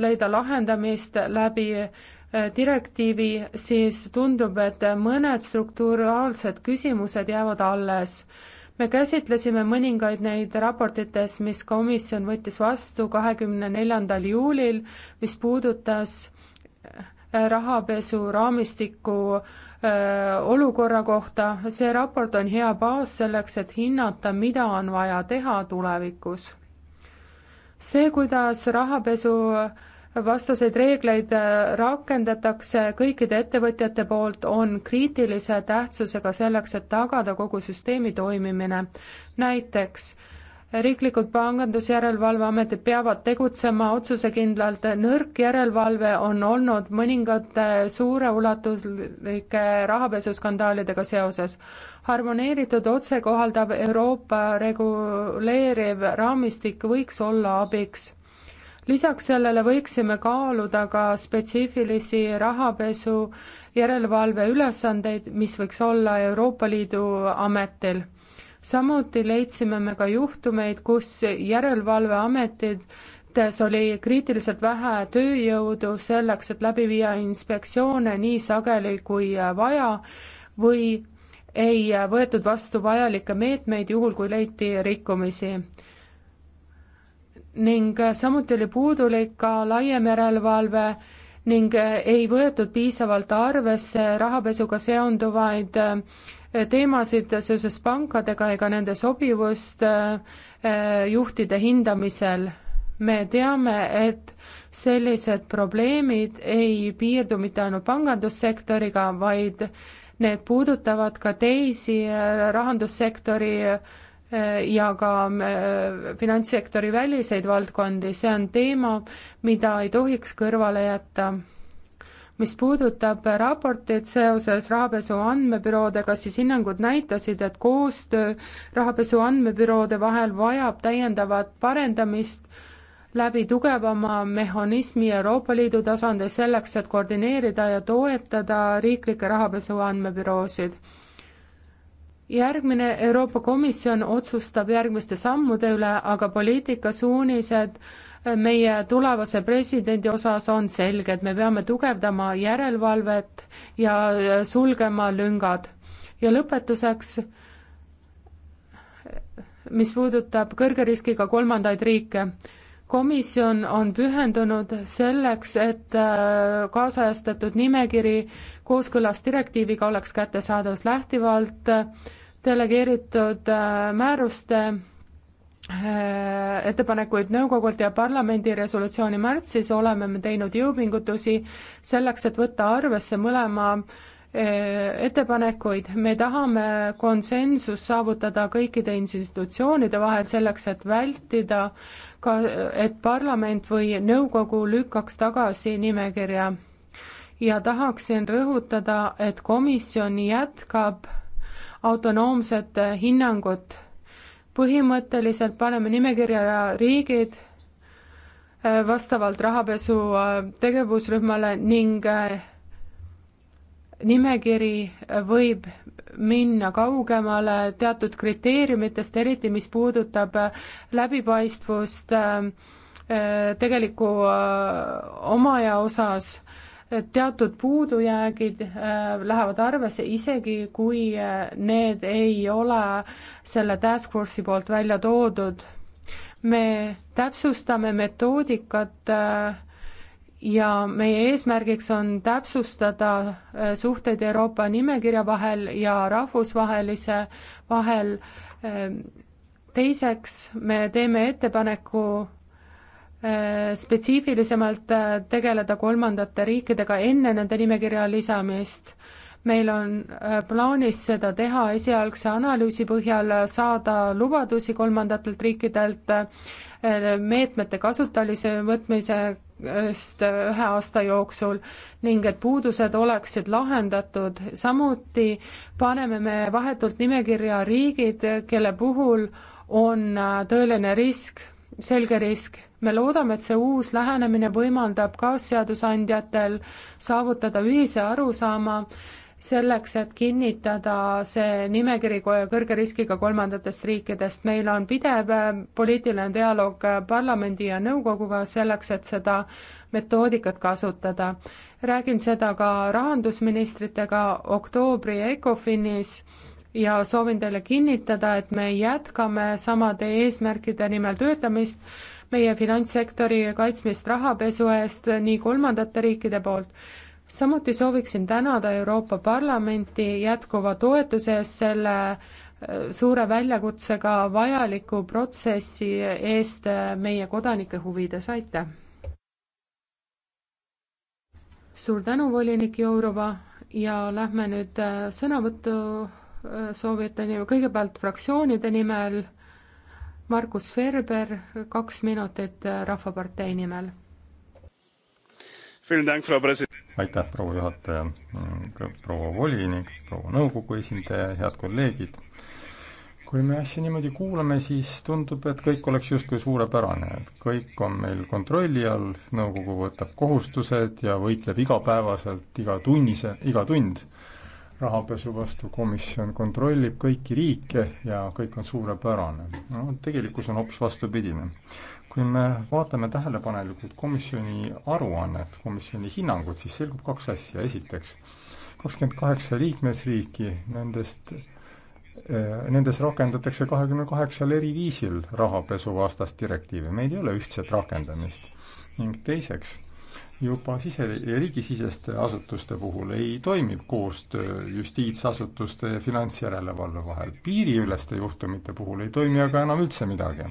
leida lahendamist läbi eh, direktiivi, siis tundub, et mõned strukturaalsed küsimused jäävad alles. me käsitlesime mõningaid neid raportites, mis komisjon võttis vastu kahekümne neljandal juulil, mis puudutas eh, rahapesu raamistiku eh, olukorra kohta, see raport on hea baas selleks, et hinnata, mida on vaja teha tulevikus see, kuidas rahapesu vastaseid reegleid äh, rakendatakse kõikide ettevõtjate poolt, on kriitilise tähtsusega selleks, et tagada kogu süsteemi toimimine. näiteks riiklikud pangandusjärelevalveametid peavad tegutsema otsusekindlalt, nõrk järelevalve on olnud mõningate suure ulatuslike rahapesuskandaalidega seoses. harmoneeritud otsekohaldav Euroopa reguleeriv raamistik võiks olla abiks. lisaks sellele võiksime kaaluda ka spetsiifilisi rahapesu järelevalve ülesandeid, mis võiks olla Euroopa Liidu ametil samuti leidsime me ka juhtumeid, kus järelevalveametites oli kriitiliselt vähe tööjõudu selleks, et läbi viia inspektsioone nii sageli kui vaja või ei võetud vastu vajalikke meetmeid, juhul kui leiti rikkumisi. ning samuti oli puudulik ka laiem järelevalve ning ei võetud piisavalt arvesse rahapesuga seonduvaid teemasid seoses pankadega ega nende sobivust eh, juhtide hindamisel. me teame, et sellised probleemid ei piirdu mitte ainult pangandussektoriga, vaid need puudutavad ka teisi eh, rahandussektori eh, ja ka finantssektori väliseid valdkondi, see on teema, mida ei tohiks kõrvale jätta mis puudutab raportit seoses rahapesu andmebüroodega, siis hinnangud näitasid, et koostöö rahapesu andmebüroode vahel vajab täiendavat parendamist läbi tugevama mehhanismi Euroopa Liidu tasandil selleks, et koordineerida ja toetada riiklikke rahapesu andmebüroosid. järgmine Euroopa Komisjon otsustab järgmiste sammude üle, aga poliitikasuunised meie tulevase presidendi osas on selge, et me peame tugevdama järelevalvet ja äh, sulgema lüngad. ja lõpetuseks, mis puudutab kõrge riskiga kolmandaid riike, komisjon on pühendunud selleks, et äh, kaasajastatud nimekiri kooskõlas direktiiviga oleks kättesaadav lähtuvalt äh, delegeeritud määruste Äh, ettepanekuid nõukogult ja parlamendi resolutsiooni märtsis oleme me teinud jõupingutusi selleks, et võtta arvesse mõlema äh, ettepanekuid, me tahame konsensust saavutada kõikide institutsioonide vahel selleks, et vältida ka, et parlament või nõukogu lükkaks tagasi nimekirja. ja tahaksin rõhutada, et komisjon jätkab autonoomset hinnangut põhimõtteliselt paneme nimekirja riigid äh, vastavalt rahapesu äh, tegevusrühmale ning äh, nimekiri võib minna kaugemale teatud kriteeriumitest, eriti mis puudutab läbipaistvust tegeliku omaja osas teatud puudujäägid äh, lähevad arvesse, isegi kui äh, need ei ole selle task force'i poolt välja toodud. me täpsustame metoodikat äh, ja meie eesmärgiks on täpsustada suhteid Euroopa nimekirja vahel ja rahvusvahelise vahel. teiseks, me teeme ettepaneku Äh, spetsiifilisemalt äh, tegeleda kolmandate riikidega enne nende nimekirja lisamist. meil on äh, plaanis seda teha esialgse analüüsi põhjal, saada lubadusi kolmandatelt riikidelt meetmete kasutamise võtmisest ühe aasta jooksul ning et puudused oleksid lahendatud. samuti paneme me vahetult nimekirja riigid, kelle puhul on tõeline risk, selge risk me loodame, et see uus lähenemine võimaldab kaasseadusandjatel saavutada ühise arusaama selleks, et kinnitada see nimekiri kõrge riskiga kolmandatest riikidest. meil on pidev äh, poliitiline dialoog äh, parlamendi ja nõukoguga selleks, et seda metoodikat kasutada. räägin seda ka rahandusministritega oktoobri ECOFINis ja soovin teile kinnitada, et me jätkame samade eesmärkide nimel töötamist meie finantssektori kaitsmist rahapesu eest nii kolmandate riikide poolt. samuti sooviksin tänada Euroopa Parlamenti jätkuva toetuse eest selle äh, suure väljakutsega vajaliku protsessi eest äh, meie kodanike huvides, aitäh! suur tänu, volinik Jourova ja lähme nüüd äh, sõnavõttu soovijate nimel, kõigepealt fraktsioonide nimel Markus Ferber, kaks minutit Rahvapartei nimel. aitäh, proua juhataja, proua volinik, proua nõukogu esindaja, head kolleegid kui me asja niimoodi kuulame, siis tundub, et kõik oleks justkui suurepärane, et kõik on meil kontrolli all, nõukogu võtab kohustused ja võitleb igapäevaselt iga tunnise, iga tund rahapesu vastu, komisjon kontrollib kõiki riike ja kõik on suurepärane. no tegelikkus on hoopis vastupidine. kui me vaatame tähelepanelikult komisjoni aruannet, komisjoni hinnangut, siis selgub kaks asja, esiteks kakskümmend kaheksa liikmesriiki, nendest eh, Nendes rakendatakse kahekümne kaheksal eri viisil rahapesuvastast direktiivi, meil ei ole ühtset rakendamist. ning teiseks, juba sise, riigisiseste asutuste puhul ei toimi koostöö justiitsasutuste ja finantsjärelevalve vahel. piiriüleste juhtumite puhul ei toimi aga enam üldse midagi.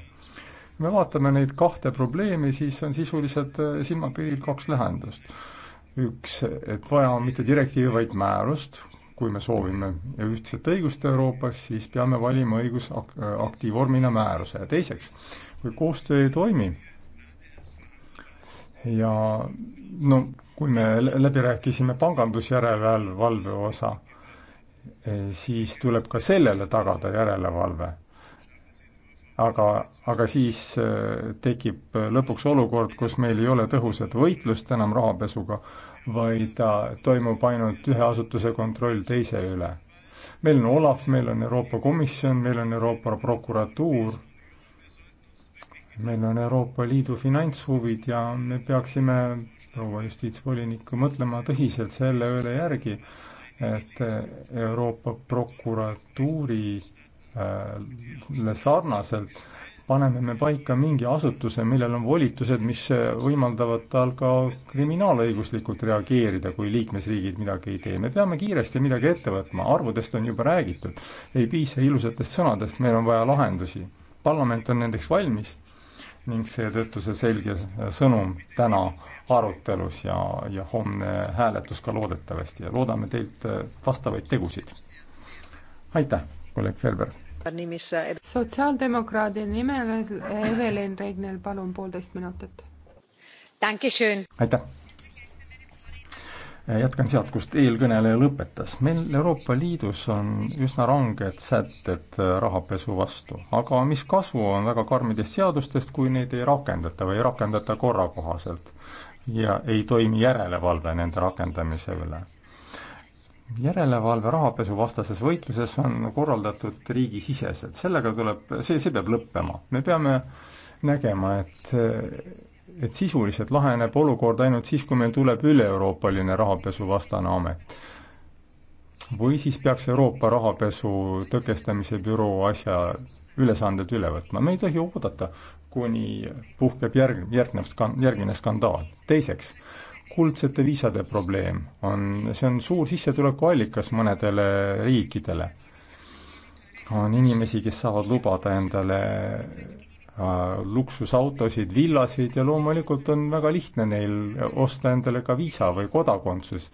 kui me vaatame neid kahte probleemi, siis on sisuliselt äh, silmapiiril kaks lahendust. üks, et vaja on mitte direktiivi, vaid määrust, kui me soovime ühtset õigust Euroopas, siis peame valima õigusakti äh, vormina määruse ja teiseks, kui koostöö ei toimi, ja no kui me läbi rääkisime pangandusjärelevalve osa, e, siis tuleb ka sellele tagada järelevalve. aga, aga siis e, tekib lõpuks olukord, kus meil ei ole tõhusat võitlust enam rahapesuga, vaid toimub ainult ühe asutuse kontroll teise üle. meil on Olav, meil on Euroopa Komisjon, meil on Euroopa Prokuratuur meil on Euroopa Liidu finantshuvid ja me peaksime proua justiitsvolinikku mõtlema tõsiselt selle üle järgi, et Euroopa prokuratuurile äh, sarnaselt paneme me paika mingi asutuse, millel on volitused, mis võimaldavad tal ka kriminaalõiguslikult reageerida, kui liikmesriigid midagi ei tee. me peame kiiresti midagi ette võtma, arvudest on juba räägitud, ei piisa ilusatest sõnadest, meil on vaja lahendusi. parlament on nendeks valmis ning seetõttu see selge sõnum täna arutelus ja, ja homne hääletus ka loodetavasti ja loodame teilt äh, vastavaid tegusid. aitäh, kolleeg Ferber. sotsiaaldemokraadi nimel Evelin Regnel, palun poolteist minutit. aitäh jätkan sealt, kust eelkõneleja lõpetas. meil Euroopa Liidus on üsna ranged sätted äh, rahapesu vastu, aga mis kasu on väga karmidest seadustest, kui neid ei rakendata või ei rakendata korrakohaselt ja ei toimi järelevalve nende rakendamise üle? järelevalve rahapesuvastases võitluses on korraldatud riigisiseselt, sellega tuleb, see, see peab lõppema. me peame nägema, et et sisuliselt laheneb olukord ainult siis, kui meil tuleb üle-Euroopaline rahapesuvastane amet. või siis peaks Euroopa rahapesu tõkestamise büroo asja ülesanded üle võtma, me ei tohi oodata, kuni puhkeb järg, järgnev skan-, järgmine skandaal. teiseks, kuldsete viisade probleem on, see on suur sissetulekuallikas mõnedele riikidele. on inimesi, kes saavad lubada endale Äh, luksusautosid, villasid ja loomulikult on väga lihtne neil osta endale ka viisa või kodakondsus.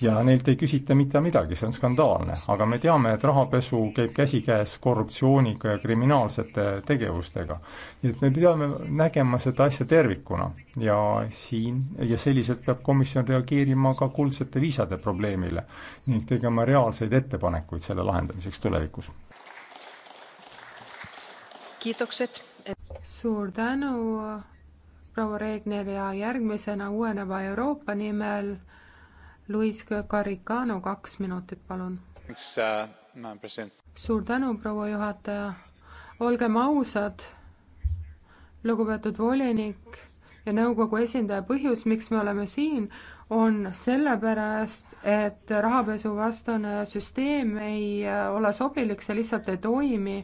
ja neilt ei küsita mitte midagi, see on skandaalne, aga me teame, et rahapesu käib käsikäes korruptsiooniga ja kriminaalsete tegevustega. nii et me peame nägema seda asja tervikuna ja siin, ja selliselt peab komisjon reageerima ka kuldsete viisade probleemile ning tegema reaalseid ettepanekuid selle lahendamiseks tulevikus. kiitokset suur tänu, proua Reegner ja järgmisena uueneva Euroopa nimel Luis Garicano, kaks minutit, palun. Uh, suur tänu, proua juhataja. olgem ausad, lugupeetud volinik ja nõukogu esindaja, põhjus, miks me oleme siin, on sellepärast, et rahapesuvastane süsteem ei äh, ole sobilik, see lihtsalt ei toimi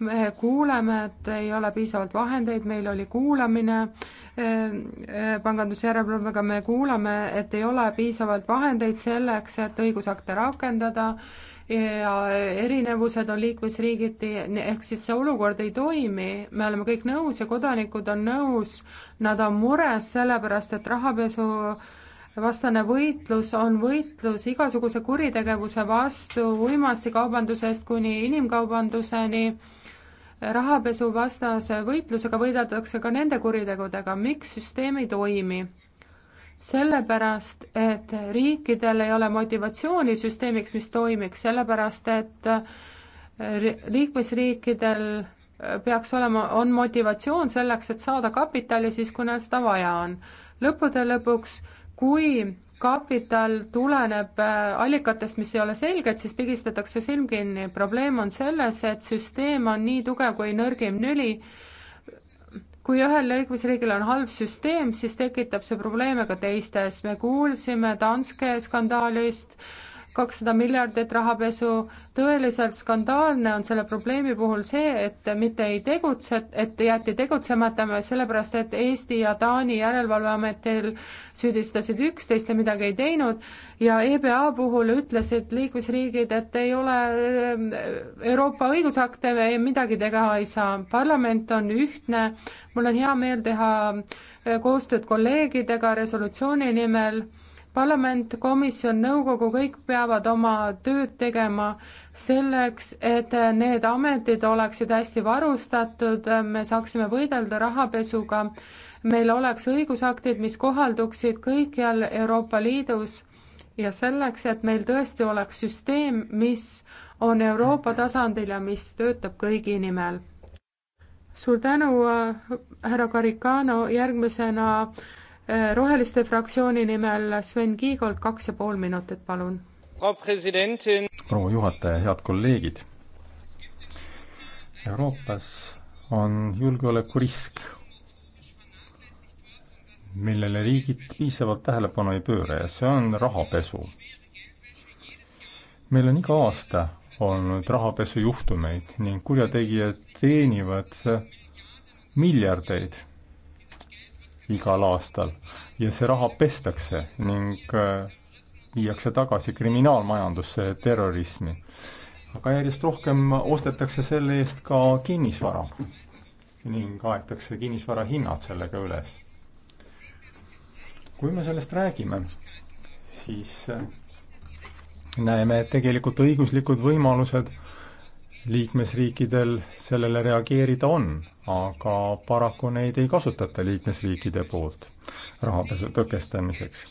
me kuuleme, et ei ole piisavalt vahendeid, meil oli kuulamine e, e, pangandusjärelevalvega, me kuulame, et ei ole piisavalt vahendeid selleks, et õigusakte rakendada ja erinevused on liikmesriigiti, ehk siis see olukord ei toimi, me oleme kõik nõus ja kodanikud on nõus, nad on mures sellepärast, et rahapesu vastane võitlus on võitlus igasuguse kuritegevuse vastu uimastikaubandusest kuni inimkaubanduseni rahapesuvastase võitlusega võideldakse ka nende kuritegudega, miks süsteem ei toimi? sellepärast, et riikidel ei ole motivatsiooni süsteemiks, mis toimiks, sellepärast et äh, liikmesriikidel äh, peaks olema, on motivatsioon selleks, et saada kapitali siis, kui neil seda vaja on. lõppude lõpuks, kui kapital tuleneb äh, allikatest, mis ei ole selged, siis pigistatakse silm kinni. probleem on selles, et süsteem on nii tugev kui nõrgim nüli. kui ühel liikmesriigil on halb süsteem, siis tekitab see probleeme ka teistes. me kuulsime Danske skandaalist kakssada miljardit rahapesu. tõeliselt skandaalne on selle probleemi puhul see, et mitte ei tegutse, et jäeti tegutsemata, sellepärast et Eesti ja Taani järelevalveametil süüdistasid üksteist ja midagi ei teinud ja EBA puhul ütlesid liikmesriigid, et ei ole ehm, Euroopa õigusakte midagi teha ei saa, parlament on ühtne, mul on hea meel teha eh, koostööd kolleegidega resolutsiooni nimel parlament, komisjon, nõukogu, kõik peavad oma tööd tegema selleks, et need ametid oleksid hästi varustatud, me saaksime võidelda rahapesuga, meil oleks õigusaktid, mis kohalduksid kõikjal Euroopa Liidus ja selleks, et meil tõesti oleks süsteem, mis on Euroopa tasandil ja mis töötab kõigi nimel. suur tänu, äh, härra Caricano, järgmisena roheliste fraktsiooni nimel Sven Kiigolt kaks ja pool minutit, palun. proua juhataja, head kolleegid. Euroopas on julgeolekurisk, millele riigid piisavalt tähelepanu ei pööra ja see on rahapesu. meil on iga aasta olnud rahapesujuhtumeid ning kurjategijad teenivad miljardeid igal aastal ja see raha pestakse ning äh, viiakse tagasi kriminaalmajandusse ja terrorismi. aga järjest rohkem ostetakse selle eest ka kinnisvara ning aetakse kinnisvara hinnad sellega üles. kui me sellest räägime, siis äh, näeme, et tegelikult õiguslikud võimalused liikmesriikidel sellele reageerida on, aga paraku neid ei kasutata liikmesriikide poolt rahapesu tõkestamiseks.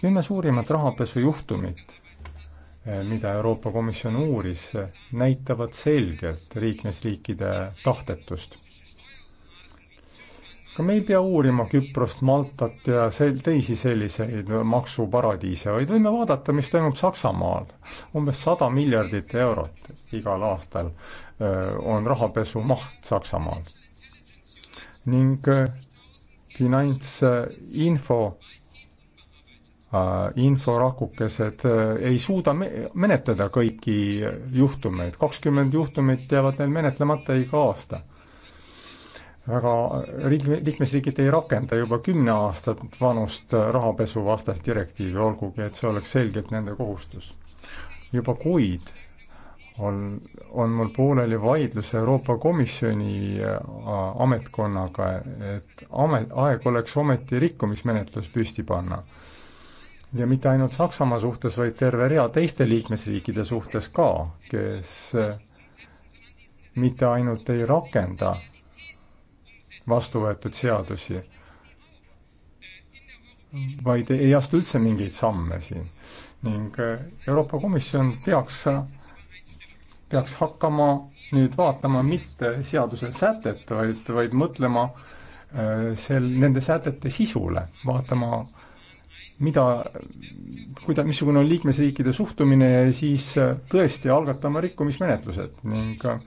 kümme suurimat rahapesujuhtumit, eh, mida Euroopa Komisjon uuris, näitavad selgelt liikmesriikide tahtetust aga me ei pea uurima Küprost, Maltat ja sel-, teisi selliseid maksuparadiise, vaid võime vaadata, mis toimub Saksamaal. umbes sada miljardit eurot igal aastal on rahapesu maht Saksamaal. ning finantsinfo äh, inforakukesed ei suuda me-, menetleda kõiki juhtumeid, kakskümmend juhtumit jäävad neil menetlemata iga aasta väga, liikmesriigid ei rakenda juba kümme aastat vanust rahapesuvastast direktiivi, olgugi et see oleks selgelt nende kohustus. juba kuid on, on mul pooleli vaidlus Euroopa Komisjoni äh, ametkonnaga, et amet, aeg oleks ometi rikkumismenetlus püsti panna. ja mitte ainult Saksamaa suhtes, vaid terve rea teiste liikmesriikide suhtes ka, kes mitte ainult ei rakenda vastu võetud seadusi, vaid ei astu üldse mingeid samme siin. ning äh, Euroopa Komisjon peaks, peaks hakkama nüüd vaatama mitte seaduse sätet, vaid, vaid mõtlema äh, sel, nende sätete sisule, vaatama, mida, kuida-, missugune on liikmesriikide suhtumine ja siis äh, tõesti algatama rikkumismenetlused ning äh,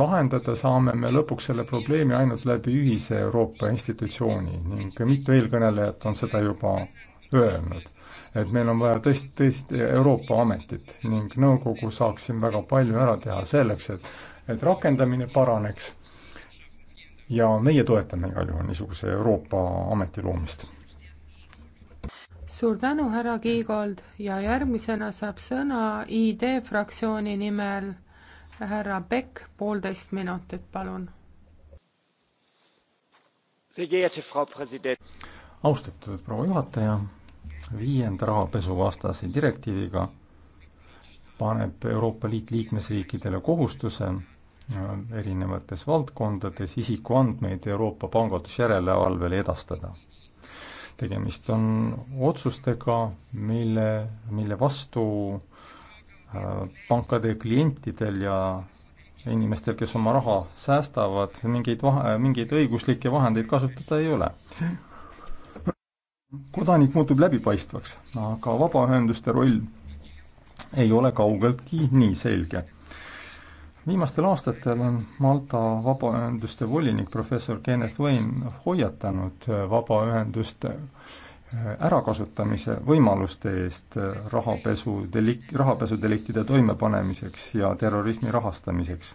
lahendada saame me lõpuks selle probleemi ainult läbi ühise Euroopa institutsiooni ning mitu eelkõnelejat on seda juba öelnud. et meil on vaja tõesti, tõesti Euroopa ametit ning nõukogu saaks siin väga palju ära teha selleks, et, et rakendamine paraneks ja meie toetame igal juhul niisuguse Euroopa ameti loomist. suur tänu, härra Kiigold ja järgmisena saab sõna ID fraktsiooni nimel härra Beck, poolteist minutit, palun. austatud proua juhataja, viienda rahapesuvastase direktiiviga paneb Euroopa Liit liikmesriikidele kohustuse äh, erinevates valdkondades isikuandmeid Euroopa pangandusjärelevalvele edastada. tegemist on otsustega, mille, mille vastu pankade klientidel ja inimestel, kes oma raha säästavad, mingeid vahe, mingeid õiguslikke vahendeid kasutada ei ole. kodanik muutub läbipaistvaks, aga vabaühenduste roll ei ole kaugeltki nii selge. viimastel aastatel on Malta vabaühenduste volinik professor Kenneth Wayne hoiatanud vabaühenduste äh, ärakasutamise võimaluste eest rahapesu delik-, rahapesudeliktide toimepanemiseks ja terrorismi rahastamiseks.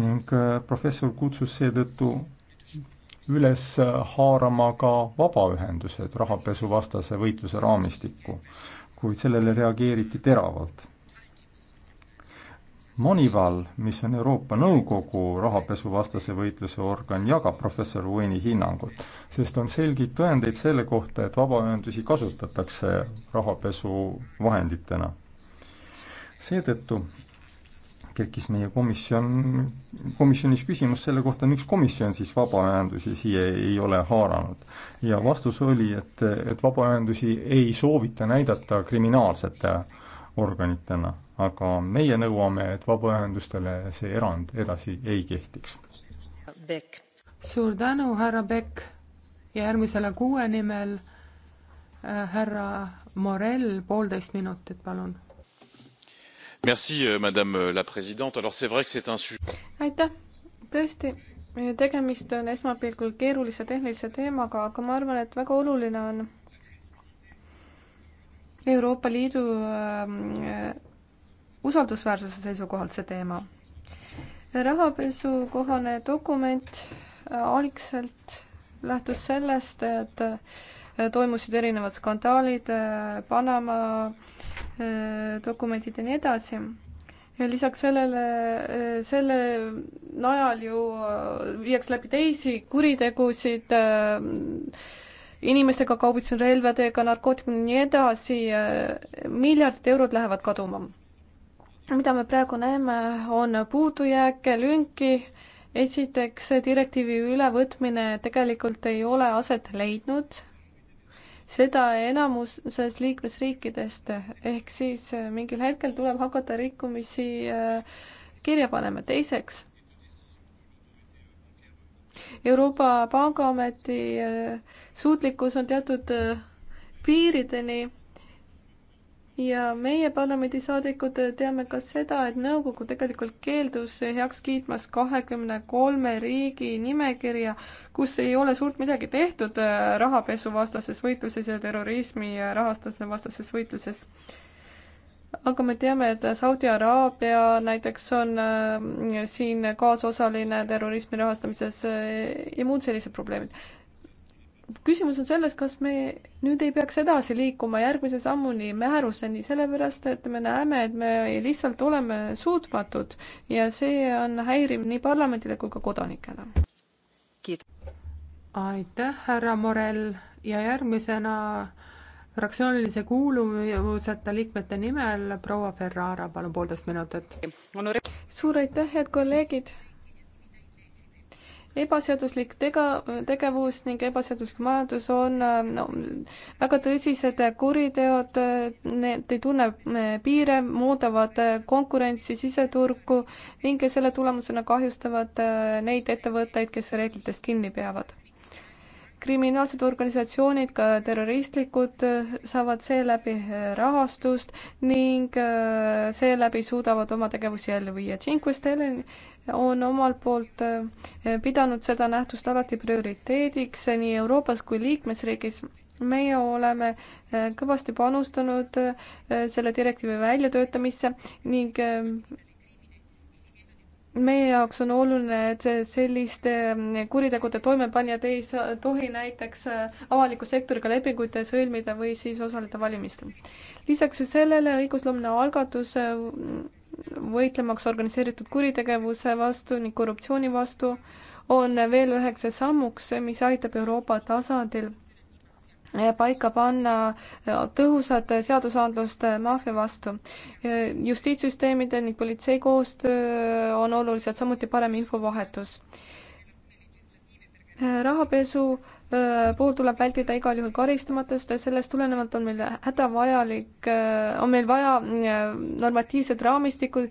ning äh, professor kutsus seetõttu üles äh, haarama ka vabaühendused rahapesuvastase võitluse raamistikku, kuid sellele reageeriti teravalt Monival, mis on Euroopa Nõukogu rahapesuvastase võitluse organ, jagab professor Wayne'i hinnangut, sest on selgeid tõendeid selle kohta, et vabaühendusi kasutatakse rahapesuvahenditena. seetõttu tekkis meie komisjon, komisjonis küsimus selle kohta, miks komisjon siis vabaühendusi siia ei ole haaranud. ja vastus oli, et, et vabaühendusi ei soovita näidata kriminaalsete äh, organitena, aga meie nõuame, et vabaühendustele see erand edasi ei kehtiks. suur tänu, härra Beck ja järgmisele kuue nimel äh, härra Morel, poolteist minutit, palun. Merci, euh, madame euh, la présidente, alors c'est vrai que c'est un sujet. aitäh, tõesti, tegemist on esmapilgul keerulise tehnilise teemaga, aga ma arvan, et väga oluline on Euroopa Liidu ähm, äh, usaldusväärsuse seisukohalt see teema. rahapesukohane dokument äh, algselt lähtus sellest, et äh, toimusid erinevad skandaalid, Panama dokumendid ja nii edasi. ja lisaks sellele, selle najal ju viiakse läbi teisi kuritegusid äh,, inimestega kaubitsen relvadega, narkootikumid ja nii edasi, miljardid eurod lähevad kaduma. mida me praegu näeme, on puudujääke, lünki, esiteks direktiivi ülevõtmine tegelikult ei ole aset leidnud, seda enamuses liikmesriikidest, ehk siis mingil hetkel tuleb hakata rikkumisi äh, kirja panema, teiseks Euroopa Pangaameti eh, suutlikkus on teatud eh, piirideni ja meie parlamendisaadikud eh, teame ka seda, et nõukogu tegelikult keeldus heaks kiitmas kahekümne kolme riigi nimekirja, kus ei ole suurt midagi tehtud rahapesuvastases võitluses ja terrorismi rahastamise vastases võitluses aga me teame, et Saudi Araabia näiteks on äh, siin kaasosaline terrorismi rahastamises äh, ja muud sellised probleemid. küsimus on selles, kas me nüüd ei peaks edasi liikuma järgmise sammuni määruseni, sellepärast et me näeme, et me lihtsalt oleme suutmatud ja see on häiriv nii parlamendile kui ka kodanikele. aitäh, härra Morell ja järgmisena fraktsioonilise kuuluvuseta liikmete nimel proua Ferrara, palun poolteist minutit. suur aitäh, head kolleegid. ebaseaduslik tega-, tegevus ning ebaseaduslik majandus on no, väga tõsised kuriteod, need ei tunne eh, piire, muudavad eh, konkurentsi, siseturgu ning selle tulemusena kahjustavad eh, neid ettevõtteid, kes reeglitest kinni peavad kriminaalsed organisatsioonid, ka terroristlikud, eh, saavad seeläbi eh, rahastust ning eh, seeläbi suudavad oma tegevusi ellu viia. Cinque Stelle on omalt poolt pidanud seda nähtust alati prioriteediks nii Euroopas kui liikmesriigis. meie oleme kõvasti panustanud selle direktiivi väljatöötamisse ning meie jaoks on oluline, et selliste mm, kuritegude toimepanijad ei saa, tohi näiteks äh, avaliku sektoriga lepinguid sõlmida või siis osaleda valimistel. lisaks sellele õigusloomne algatus äh, mm, võitlemaks organiseeritud kuritegevuse vastu ning korruptsiooni vastu on veel üheks sammuks, mis aitab Euroopa tasandil äh, paika panna tõhusad seadusandlust maffia vastu. justiitssüsteemide ning politsei koostöö on olulised, samuti parem infovahetus. Äh, rahapesu äh, puhul tuleb vältida igal juhul karistamatust ja sellest tulenevalt on meil hädavajalik, äh, on meil vaja normatiivset raamistikku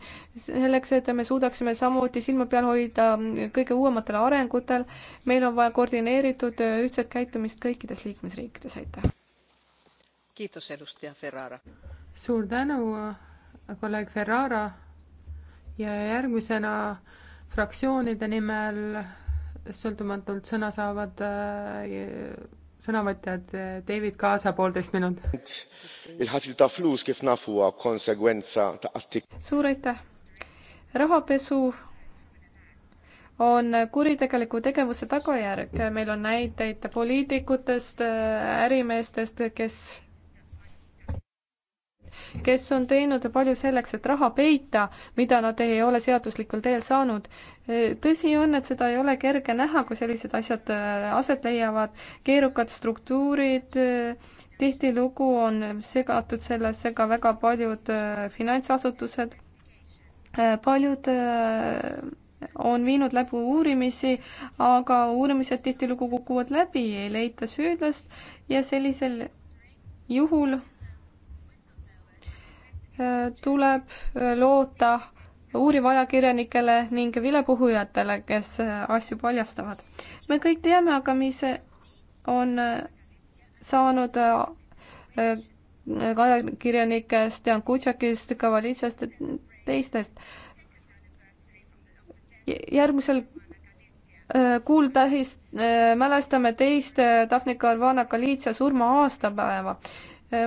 selleks, et me suudaksime samuti silma peal hoida mm, kõige uuematel arengutel. meil on vaja koordineeritud ühtset käitumist kõikides liikmesriikides, aitäh. suur tänu, kolleeg Ferrara ja järgmisena fraktsioonide nimel sõltumatult sõna saavad äh, sõnavõtjad David Kaasa, poolteist minutit. suur aitäh. rahapesu on kuritegeliku tegevuse tagajärg, meil on näiteid poliitikutest, äh, ärimeestest, kes kes on teinud palju selleks, et raha peita, mida nad ei ole seaduslikul teel saanud. tõsi on, et seda ei ole kerge näha, kui sellised asjad äh, aset leiavad, keerukad struktuurid, äh, tihtilugu on segatud sellesse ka väga paljud äh, finantsasutused, paljud on viinud läbi uurimisi, aga uurimised tihtilugu kukuvad läbi, ei leita süüdlast ja sellisel juhul tuleb äh, loota uurivajakirjanikele ning vilepuhujatele, kes äh, asju paljastavad. me kõik teame aga, mis on äh, saanud ajakirjanikest, Jan Kutšakist, Kavalitsast ja teistest. järgmisel kuul tähis, mälestame teist Daphne Caruana Galizia surma aastapäeva.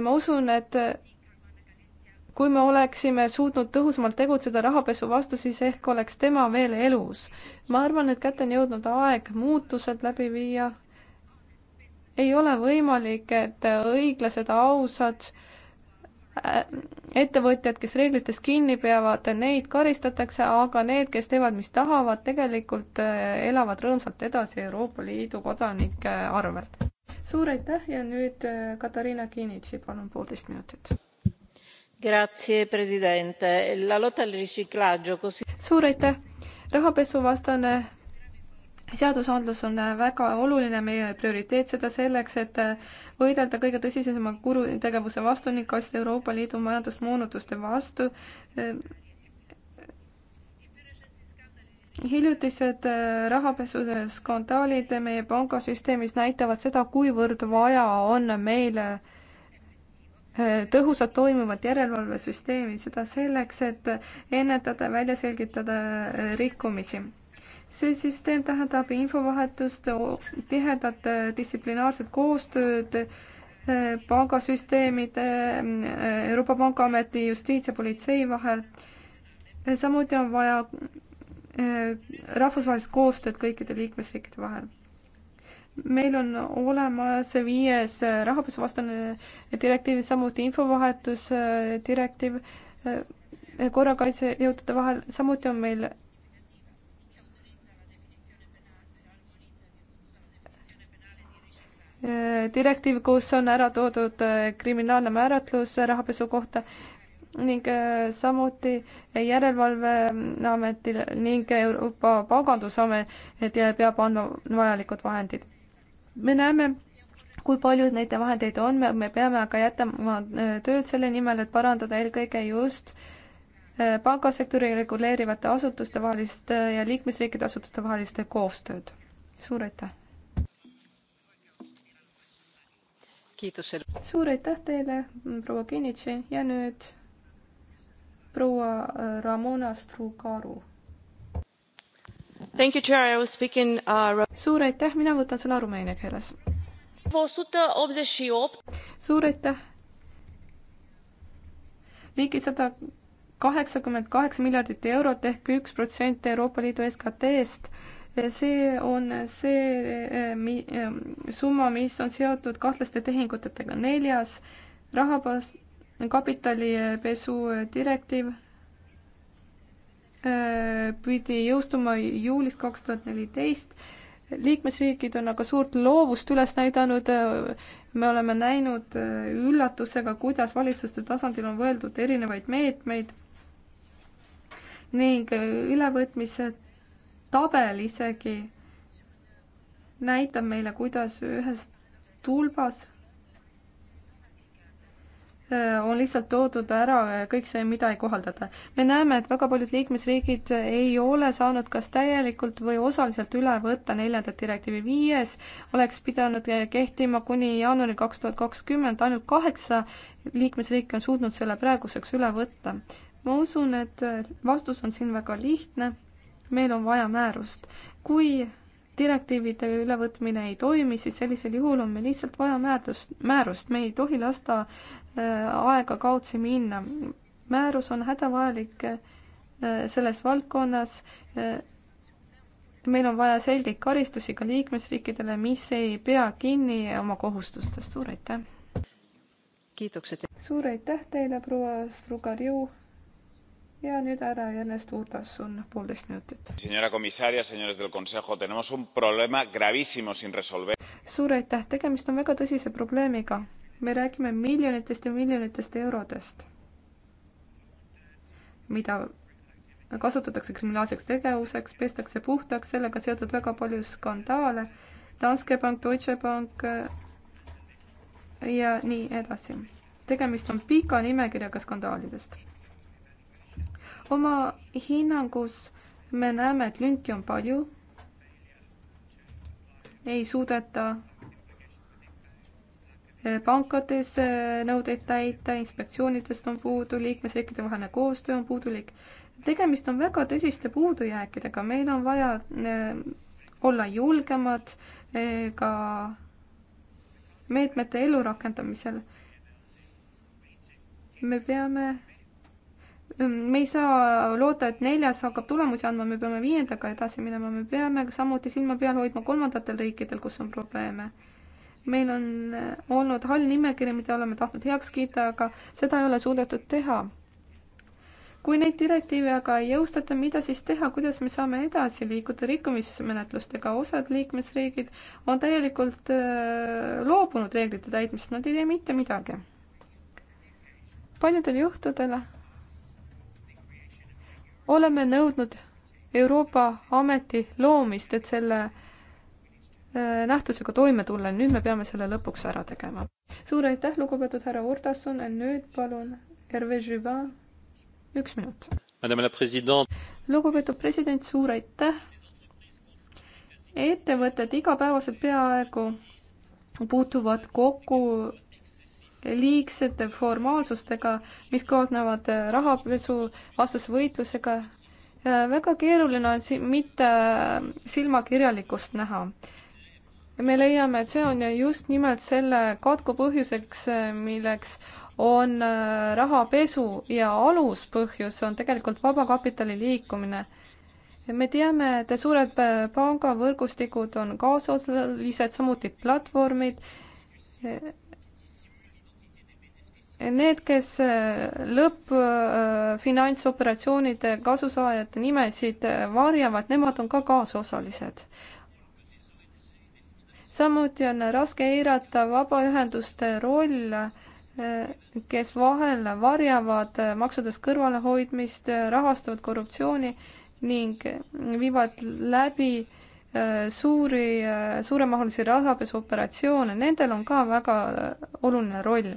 ma usun, et kui me oleksime suutnud tõhusamalt tegutseda rahapesu vastu, siis ehk oleks tema veel elus. ma arvan, et kätte on jõudnud aeg muutused läbi viia. ei ole võimalik, et õiglased, ausad äh, ettevõtjad, kes reeglitest kinni peavad, neid karistatakse, aga need, kes teevad, mis tahavad, tegelikult äh, elavad rõõmsalt edasi Euroopa Liidu kodanike arvelt. suur aitäh ja nüüd äh, Katariina Kinitši, palun poolteist minutit suur aitäh! rahapesuvastane seadusandlus on väga oluline meie prioriteet, seda selleks, et võidelda kõige tõsisema kuritegevuse vastu ning kaitsta Euroopa Liidu majandust moonutuste vastu. hiljutised rahapesuskandaalid meie pangasüsteemis näitavad seda, kuivõrd vaja on meile Äh, tõhusat toimivat järelevalvesüsteemi, seda selleks, et ennetada ja välja selgitada äh, rikkumisi. see süsteem tähendab infovahetust, tihedat äh, distsiplinaarset koostööd pangasüsteemide, Euroopa Pangaameti, justiits- ja politsei vahel. samuti on vaja rahvusvahelist koostööd kõikide liikmesriikide vahel meil on olemas viies rahapesuvastane direktiiv, samuti infovahetus äh, direktiiv äh, korrakaitsejõudude vahel, samuti on meil äh, direktiiv, kus on ära toodud kriminaalne määratlus rahapesu kohta ning samuti Järelevalveametil ning Euroopa Pangandusamet peab andma vajalikud vahendid me näeme, kui palju neid vahendeid on, me peame aga jätma äh, tööd selle nimel, et parandada eelkõige just äh, pangasektori reguleerivate asutuste vahelist äh, ja liikmesriikide asutuste vahelist koostööd. suur aitäh! suur aitäh teile, proua Kinnitši ja nüüd proua Ramona Strugaru Uh, suur aitäh, mina võtan sõna rumeenia keeles. suur aitäh. ligi sada kaheksakümmend kaheksa miljardit eurot ehk üks protsent Euroopa Liidu SKT-st see on see eh, mi, eh, summa, mis on seotud kahtlaste tehingutega. neljas rahapes-, kapitalipesu eh, direktiiv Äh, pidi jõustuma juulis kaks tuhat neliteist. liikmesriigid on aga suurt loovust üles näidanud. Äh, me oleme näinud äh, üllatusega, kuidas valitsuste tasandil on võetud erinevaid meetmeid ning ülevõtmise tabel isegi näitab meile, kuidas ühes tulbas Äh, on lihtsalt toodud ära äh, kõik see, mida ei kohaldata. me näeme, et väga paljud liikmesriigid äh, ei ole saanud kas täielikult või osaliselt üle võtta neljandat direktiivi. viies oleks pidanud kehtima kuni jaanuari kaks tuhat kakskümmend, ainult kaheksa liikmesriiki on suutnud selle praeguseks üle võtta. ma usun, et vastus on siin väga lihtne. meil on vaja määrust. kui direktiivide ülevõtmine ei toimi, siis sellisel juhul on meil lihtsalt vaja määrust, määrust, me ei tohi lasta äh, aega kaotsi minna. määrus on hädavajalik äh, selles valdkonnas. Äh, meil on vaja selgeid karistusi ka liikmesriikidele, mis ei pea kinni oma kohustustest, suur aitäh! suur aitäh teile, proua Strugarju! ja nüüd härra Ernest Urtasun, poolteist minutit. suur aitäh, tegemist on väga tõsise probleemiga. me räägime miljonitest ja miljonitest eurodest, mida kasutatakse kriminaalseks tegevuseks, pestakse puhtaks, sellega seotud väga palju skandaale, Danske Bank, Deutsche Bank ja nii edasi. tegemist on pika nimekirjaga skandaalidest oma hinnangus me näeme, et lünki on palju. ei suudeta eh, pankades eh, nõudeid täita, inspektsioonidest on puudu, liikmesriikide vaheline koostöö on puudulik. tegemist on väga tõsiste puudujääkidega, meil on vaja eh, olla julgemad ka meetmete ellurakendamisel. me peame me ei saa loota, et neljas hakkab tulemusi andma, me peame viiendaga edasi minema, me peame samuti silma peal hoidma kolmandatel riikidel, kus on probleeme. meil on äh, olnud hall nimekiri, mida oleme tahtnud heaks kiita, aga seda ei ole suudetud teha. kui neid direktiive aga ei jõustata, mida siis teha, kuidas me saame edasi liikuda rikkumismenetlustega, osad liikmesriigid on täielikult äh, loobunud reeglite täitmisest, nad ei tee mitte midagi paljudel juhtudel oleme nõudnud Euroopa ameti loomist, et selle äh, nähtusega toime tulla, nüüd me peame selle lõpuks ära tegema. suur aitäh, lugupeetud härra Urtasson, nüüd palun, Hervé Juvin, üks minut. lugupeetud president, suur aitäh. ettevõtted igapäevaselt peaaegu puutuvad kokku liigsete formaalsustega, mis kaasnevad rahapesu vastase võitlusega. väga keeruline on siin mitte silmakirjalikkust näha. me leiame, et see on just nimelt selle katku põhjuseks, milleks on äh, rahapesu ja aluspõhjus on tegelikult vabakapitali liikumine me teame, et suured äh, pangavõrgustikud on kaasosalised, samuti platvormid. Need, kes äh, lõppfinantsoperatsioonide äh, kasusaajate nimesid äh, varjavad, nemad on ka kaasosalised. samuti on raske eirata vabaühenduste roll kes vahel varjavad maksudest kõrvalehoidmist, rahastavad korruptsiooni ning viivad läbi suuri, suuremahulisi rahapesuoperatsioone, nendel on ka väga oluline roll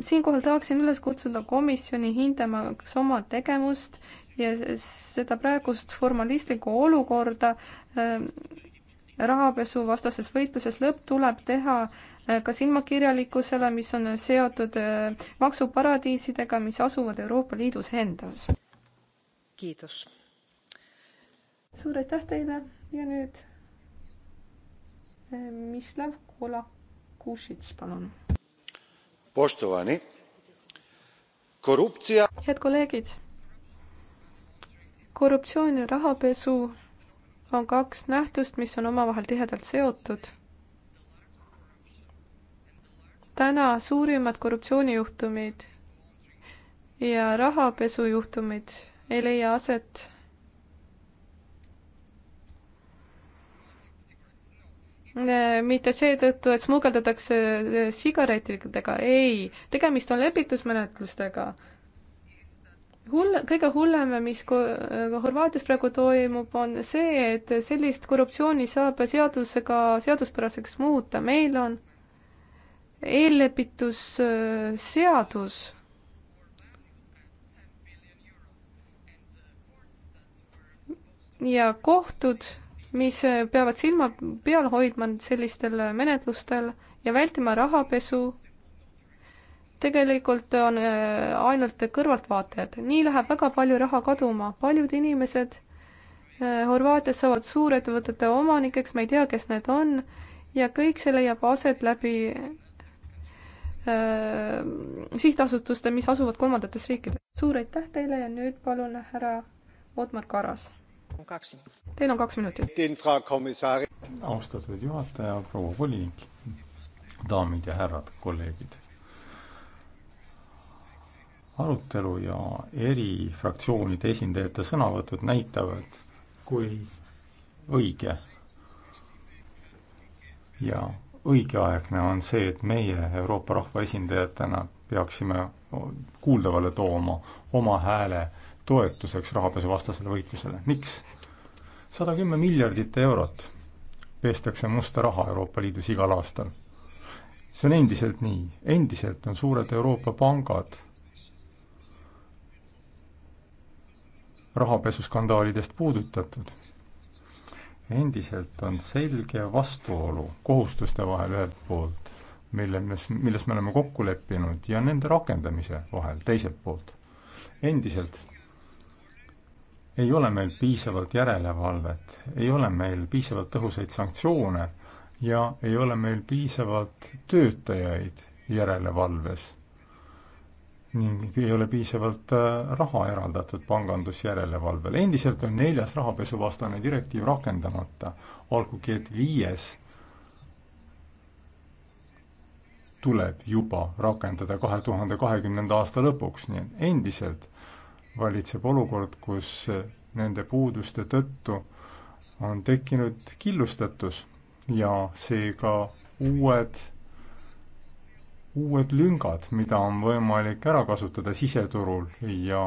siinkohal tahaksin üles kutsuda komisjoni hindamaks oma tegevust ja seda praegust formalistlikku olukorda ähm, rahapesuvastases võitluses lõpp tuleb teha äh, ka silmakirjalikkusele, mis on seotud äh, maksuparadiisidega, mis asuvad Euroopa Liidus endas. suur aitäh teile ja nüüd äh, Mislav Kolakušits, palun head kolleegid korruptsioon ja rahapesu on kaks nähtust mis on omavahel tihedalt seotud täna suurimad korruptsioonijuhtumid ja rahapesujuhtumid ei leia aset Äh, mitte seetõttu, et smugeldatakse äh, sigarettidega, ei, tegemist on lepitusmenetlustega. hull, kõige hullem, mis äh, Horvaatias praegu toimub, on see, et sellist korruptsiooni saab seadusega seaduspäraseks muuta, meil on eellepitusseadus ja kohtud mis peavad silma peal hoidma sellistel menetlustel ja vältima rahapesu. tegelikult on äh, ainult kõrvaltvaatajad, nii läheb väga palju raha kaduma, paljud inimesed äh, Horvaatias saavad suurettevõtete omanikeks, me ei tea, kes need on ja kõik see leiab aset läbi äh, sihtasutuste, mis asuvad kolmandates riikides. suur aitäh teile ja nüüd palun härra Otmar Karas Teil on kaks minutit. austatud juhataja, proua volinik, daamid ja härrad, kolleegid. arutelu ja eri fraktsioonide esindajate sõnavõtud näitavad, kui õige ja õigeaegne on see, et meie Euroopa rahvaesindajatena peaksime kuuldavale tooma oma hääle äh, toetuseks rahapesuvastasele võitlusele. miks? sada kümme miljardit eurot pestakse musta raha Euroopa Liidus igal aastal. see on endiselt nii, endiselt on suured Euroopa pangad rahapesuskandaalidest puudutatud. endiselt on selge vastuolu kohustuste vahel ühelt poolt, mille, milles, milles me oleme kokku leppinud, ja nende rakendamise vahel teiselt poolt. endiselt ei ole meil piisavalt järelevalvet, ei ole meil piisavalt tõhusaid sanktsioone ja ei ole meil piisavalt töötajaid järelevalves ning ei ole piisavalt äh, raha eraldatud pangandusjärelevalvele. endiselt on neljas rahapesuvastane direktiiv rakendamata, olgugi et viies tuleb juba rakendada kahe tuhande kahekümnenda aasta lõpuks, nii et endiselt valitseb olukord, kus nende puuduste tõttu on tekkinud killustatus ja seega uued, uued lüngad, mida on võimalik ära kasutada siseturul ja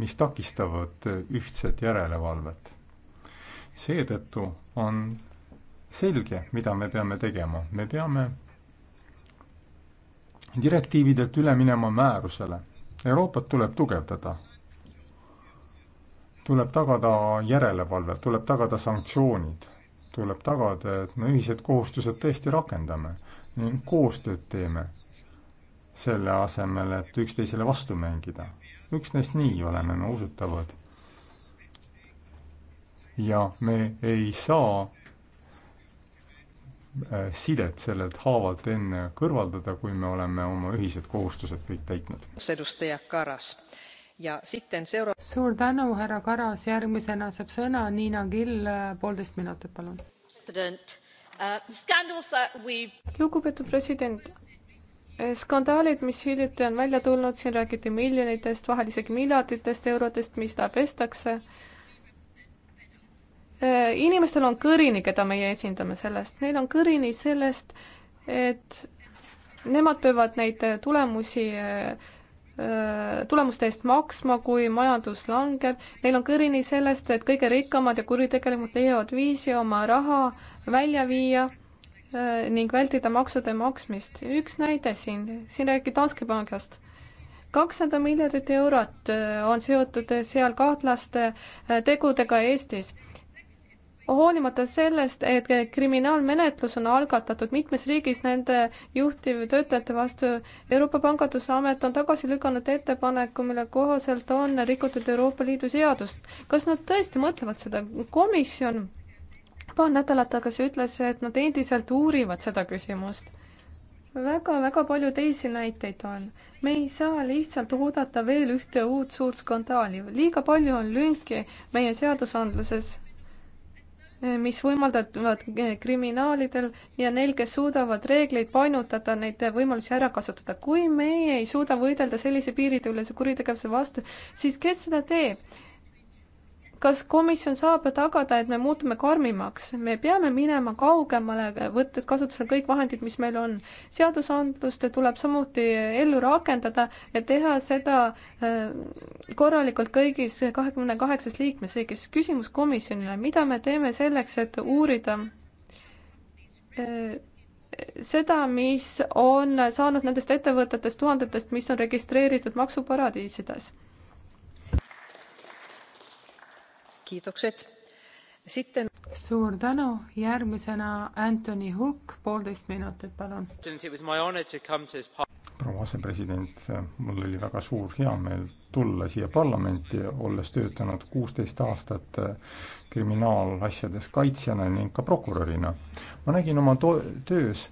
mis takistavad ühtset järelevalvet. seetõttu on selge, mida me peame tegema, me peame direktiividelt üle minema määrusele. Euroopat tuleb tugevdada, tuleb tagada järelevalve, tuleb tagada sanktsioonid, tuleb tagada, et me ühised kohustused tõesti rakendame ning koostööd teeme, selle asemel, et üksteisele vastu mängida. üksnes nii oleme me usutavad. ja me ei saa äh, sidet sellelt haavalt enne kõrvaldada, kui me oleme oma ühised kohustused kõik täitnud ja sitten seura-. suur tänu, härra Karas, järgmisena saab sõna Niina Kill, äh, poolteist minutit, palun. Äh, lugupeetud president, äh, skandaalid, mis hiljuti on välja tulnud, siin räägiti miljonitest, vahel isegi miljarditest eurodest, mis ta pestakse. inimestel on kõrini, keda meie esindame sellest, neil on kõrini sellest, et nemad peavad neid tulemusi äh, Äh, tulemuste eest maksma, kui majandus langeb. Neil on kõrini sellest, et kõige rikkamad ja kuritegelikumad leiavad viisi oma raha välja viia äh, ning vältida maksude maksmist. üks näide siin, siin räägiti Danske pangast. kakssada miljardit eurot äh, on seotud seal kahtlaste tegudega Eestis hoolimata sellest, et kriminaalmenetlus on algatatud mitmes riigis nende juhtivtöötajate vastu, Euroopa Pangandusamet on tagasi lükanud ettepaneku, mille kohaselt on rikutud Euroopa Liidu seadust. kas nad tõesti mõtlevad seda? komisjon paar nädalat tagasi ütles, et nad endiselt uurivad seda küsimust väga-väga palju teisi näiteid on. me ei saa lihtsalt oodata veel ühte uut suurt skandaali, liiga palju on lünki meie seadusandluses mis võimaldavad kriminaalidel ja neil, kes suudavad reegleid painutada, neid võimalusi ära kasutada. kui meie ei suuda võidelda sellise piiriülese kuritegevuse vastu, siis kes seda teeb? kas komisjon saab tagada, et me muutume karmimaks, me peame minema kaugemale, võttes kasutusele kõik vahendid, mis meil on. seadusandlust tuleb samuti ellu rakendada ja teha seda äh, korralikult kõigis kahekümne kaheksas liikmesriigis. küsimus komisjonile, mida me teeme selleks, et uurida äh, seda, mis on saanud nendest ettevõtetest, tuhandetest, mis on registreeritud maksuparadiisides suur tänu, järgmisena Anthony Hook, poolteist minutit, palun. proua asepresident, mul oli väga suur heameel tulla siia parlamenti, olles töötanud kuusteist aastat äh, kriminaalasjades kaitsjana ning ka prokurörina. ma nägin oma to-, töös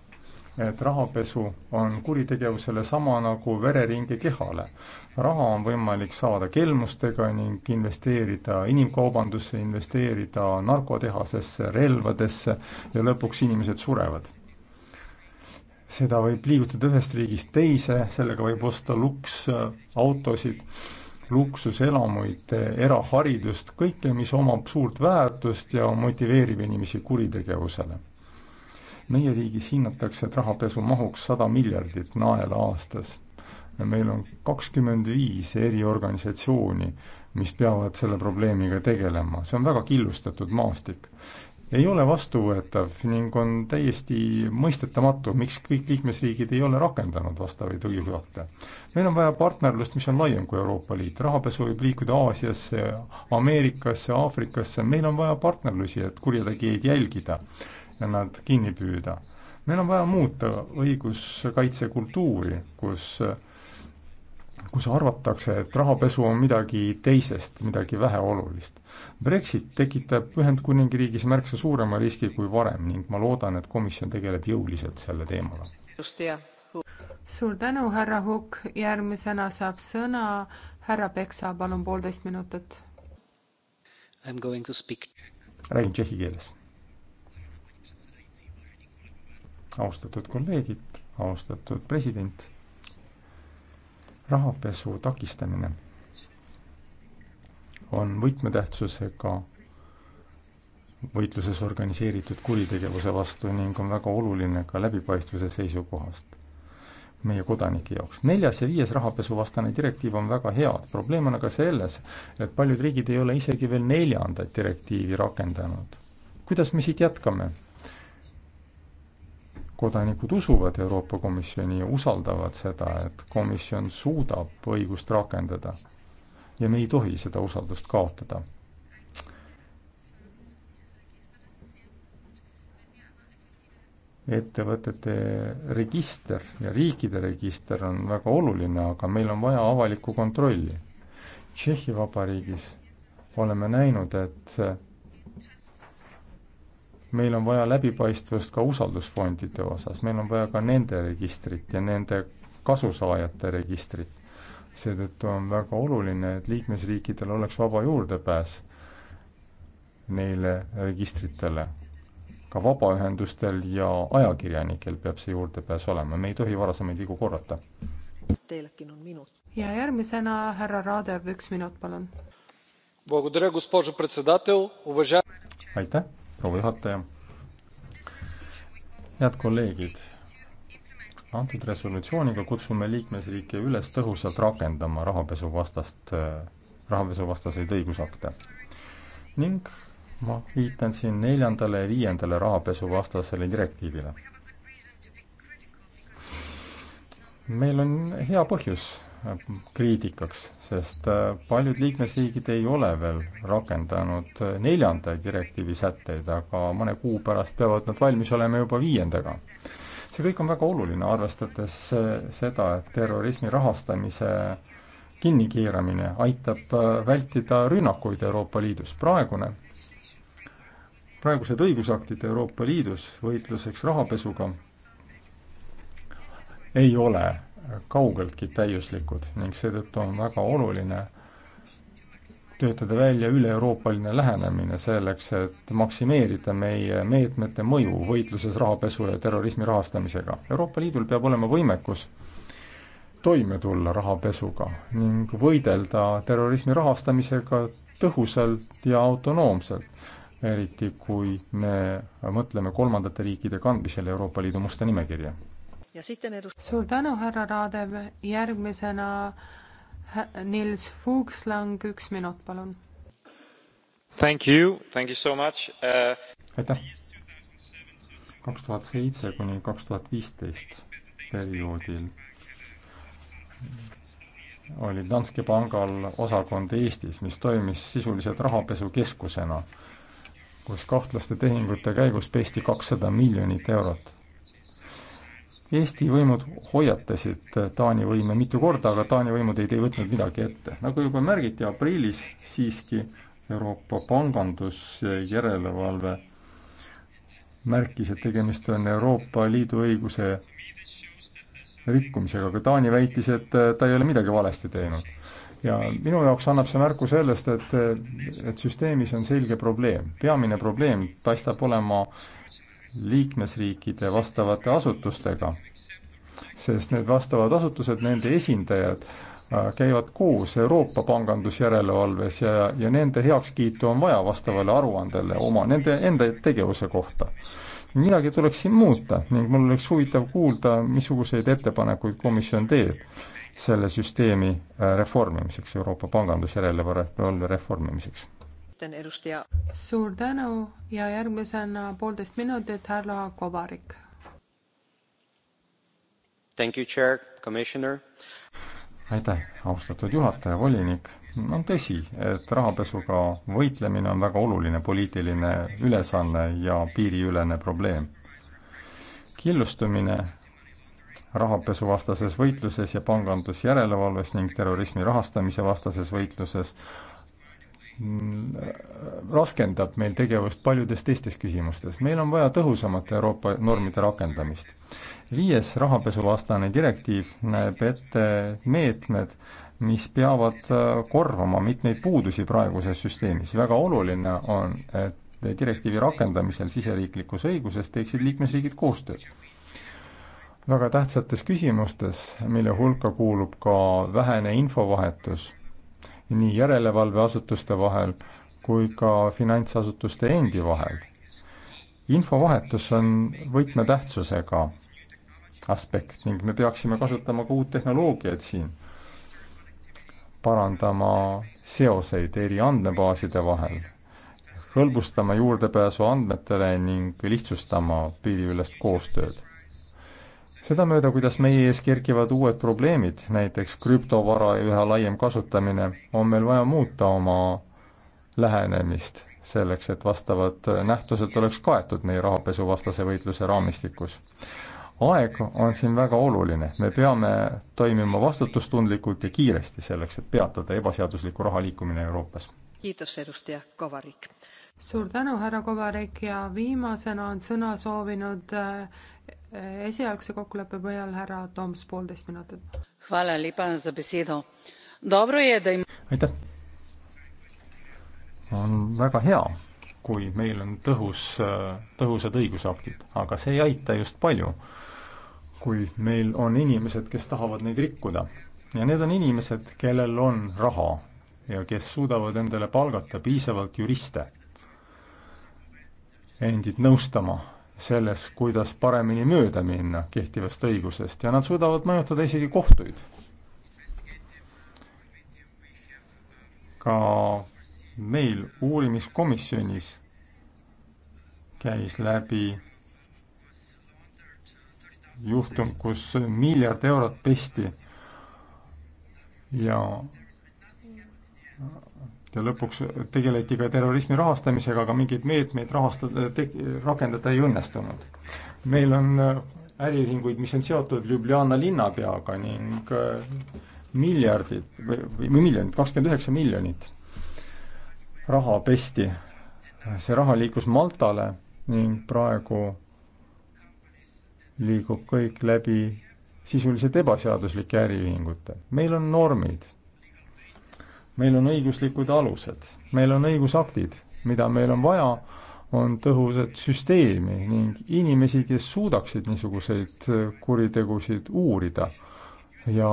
et rahapesu on kuritegevusele sama nagu vereringe kehale. raha on võimalik saada kelmustega ning investeerida inimkaubandusse, investeerida narkotehasesse, relvadesse ja lõpuks inimesed surevad seda võib liigutada ühest riigist teise, sellega võib osta luksautosid, luksuselamuid, eraharidust, kõike, mis omab suurt väärtust ja motiveerib inimesi kuritegevusele meie riigis hinnatakse, et rahapesu mahuks sada miljardit naela aastas. meil on kakskümmend viis eriorganisatsiooni, mis peavad selle probleemiga tegelema, see on väga killustatud maastik. ei ole vastuvõetav ning on täiesti mõistetamatu, miks kõik liikmesriigid ei ole rakendanud vastavaid õigusakte. meil on vaja partnerlust, mis on laiem kui Euroopa Liit, rahapesu võib liikuda Aasiasse, Ameerikasse, Aafrikasse, meil on vaja partnerlusi, et kurjategijaid jälgida nad kinni püüda. meil on vaja muuta õiguskaitsekultuuri, kus, kus arvatakse, et rahapesu on midagi teisest, midagi väheolulist. Brexit tekitab Ühendkuningriigis märksa suurema riski kui varem ning ma loodan, et komisjon tegeleb jõuliselt selle teemaga. suur tänu, härra Hukk, järgmisena saab sõna härra Peksa, palun poolteist minutit. I am going to speak. räägin tšehhi keeles austatud kolleegid, austatud president, rahapesu takistamine on võtmetähtsusega võitluses organiseeritud kuritegevuse vastu ning on väga oluline ka läbipaistvuse seisukohast meie kodanike jaoks. neljas ja viies rahapesuvastane direktiiv on väga head, probleem on aga selles, et paljud riigid ei ole isegi veel neljandat direktiivi rakendanud. kuidas me siit jätkame? kodanikud usuvad Euroopa Komisjoni ja usaldavad seda, et komisjon suudab õigust rakendada. ja me ei tohi seda usaldust kaotada. ettevõtete register ja riikide register on väga oluline, aga meil on vaja avalikku kontrolli. Tšehhi Vabariigis oleme näinud, et meil on vaja läbipaistvust ka usaldusfondide osas, meil on vaja ka nende registrit ja nende kasusaajate registrit. seetõttu on väga oluline, et liikmesriikidel oleks vaba juurdepääs neile registritele. ka vabaühendustel ja ajakirjanikel peab see juurdepääs olema, me ei tohi varasemaid vigu korrata. Teilegi on minut. ja järgmisena härra Raadev, üks minut, palun. aitäh proua juhataja. head kolleegid, antud resolutsiooniga kutsume liikmesriike üles tõhusalt rakendama rahapesuvastast, rahapesuvastaseid õigusakte. ning ma viitan siin neljandale ja viiendale rahapesuvastasele direktiivile. meil on hea põhjus kriitikaks, sest äh, paljud liikmesriigid ei ole veel rakendanud äh, neljanda direktiivi sätteid, aga mõne kuu pärast peavad nad valmis olema juba viiendaga. see kõik on väga oluline, arvestades äh, seda, et terrorismi rahastamise kinnikeeramine aitab vältida rünnakuid Euroopa Liidus. praegune, praegused õigusaktid Euroopa Liidus võitluseks rahapesuga ei ole kaugeltki täiuslikud ning seetõttu on väga oluline töötada välja üle-euroopaline lähenemine selleks, et maksimeerida meie meetmete mõju võitluses rahapesu ja terrorismi rahastamisega. Euroopa Liidul peab olema võimekus toime tulla rahapesuga ning võidelda terrorismi rahastamisega tõhusalt ja autonoomselt, eriti kui me mõtleme kolmandate riikide kandmisele Euroopa Liidu musta nimekirja suur tänu, härra Raadev, järgmisena Nils Fuchslang, üks minut, palun. Thank you, thank you so much uh.... aitäh. kaks tuhat seitse kuni kaks tuhat viisteist perioodil oli Danske pangal osakond Eestis, mis toimis sisuliselt rahapesukeskusena, kus kahtlaste tehingute käigus pesti kakssada miljonit eurot. Eesti võimud hoiatasid äh, Taani võime mitu korda, aga Taani võimud ei, ei võtnud midagi ette. nagu juba märgiti, aprillis siiski Euroopa pangandusjärelevalve märkis, et tegemist on Euroopa Liidu õiguse rikkumisega, aga Taani väitis, et äh, ta ei ole midagi valesti teinud. ja minu jaoks annab see märku sellest, et, äh, et süsteemis on selge probleem. peamine probleem paistab olema liikmesriikide vastavate asutustega, sest need vastavad asutused, nende esindajad äh, käivad koos Euroopa pangandusjärelevalves ja, ja nende heakskiitu on vaja vastavale aruandele oma, nende enda tegevuse kohta. midagi tuleks siin muuta ning mul oleks huvitav kuulda, missuguseid ettepanekuid komisjon teeb selle süsteemi äh, reformimiseks, Euroopa pangandusjärelevalve reformimiseks suur tänu ja järgmisena poolteist minutit härra Kovarik. aitäh, austatud juhataja, volinik. on tõsi, et rahapesuga võitlemine on väga oluline poliitiline ülesanne ja piiriülene probleem. killustumine rahapesuvastases võitluses ja pangandusjärelevalves ning terrorismi rahastamise vastases võitluses Mm, raskendab meil tegevust paljudes teistes küsimustes. meil on vaja tõhusamat Euroopa normide rakendamist. viies rahapesuvastane direktiiv näeb ette meetmed, mis peavad äh, korvama mitmeid puudusi praeguses süsteemis. väga oluline on, et direktiivi rakendamisel siseriiklikus õiguses teeksid liikmesriigid koostööd väga tähtsates küsimustes, mille hulka kuulub ka vähene infovahetus nii järelevalveasutuste vahel kui ka finantsasutuste endi vahel. infovahetus on võtmetähtsusega aspekt ning me peaksime kasutama ka uut tehnoloogiat siin, parandama seoseid eri andmebaaside vahel, hõlbustama juurdepääsu andmetele ning lihtsustama piiriülest koostööd sedamööda, kuidas meie ees kerkivad uued probleemid, näiteks krüptovara üha laiem kasutamine, on meil vaja muuta oma lähenemist selleks, et vastavad nähtused oleks kaetud meie rahapesuvastase võitluse raamistikus. aeg on siin väga oluline, me peame toimima vastutustundlikult ja kiiresti selleks, et peatada ebaseadusliku raha liikumine Euroopas suur tänu, härra Kovarek ja viimasena on sõna soovinud äh, esialgse kokkuleppe põhjal härra Toms, poolteist minutit. aitäh. on väga hea, kui meil on tõhus, tõhusad õigusaktid, aga see ei aita just palju, kui meil on inimesed, kes tahavad neid rikkuda. ja need on inimesed, kellel on raha ja kes suudavad endale palgata piisavalt juriste endid nõustama selles, kuidas paremini mööda minna kehtivast õigusest ja nad suudavad mõjutada isegi kohtuid. ka meil uurimiskomisjonis käis läbi juhtum, kus miljard eurot pesti ja ja lõpuks tegeleti ka terrorismi rahastamisega, aga mingeid meetmeid rahastada, rakendada ei õnnestunud. meil on äh, äriühinguid, mis on seotud Ljubljana linnapeaga ning äh, miljardid või, või miljonid, kakskümmend üheksa miljonit raha pesti. see raha liikus Maltale ning praegu liigub kõik läbi sisuliselt ebaseaduslike äriühingute. meil on normid meil on õiguslikud alused, meil on õigusaktid, mida meil on vaja, on tõhusat süsteemi ning inimesi, kes suudaksid niisuguseid kuritegusid uurida ja,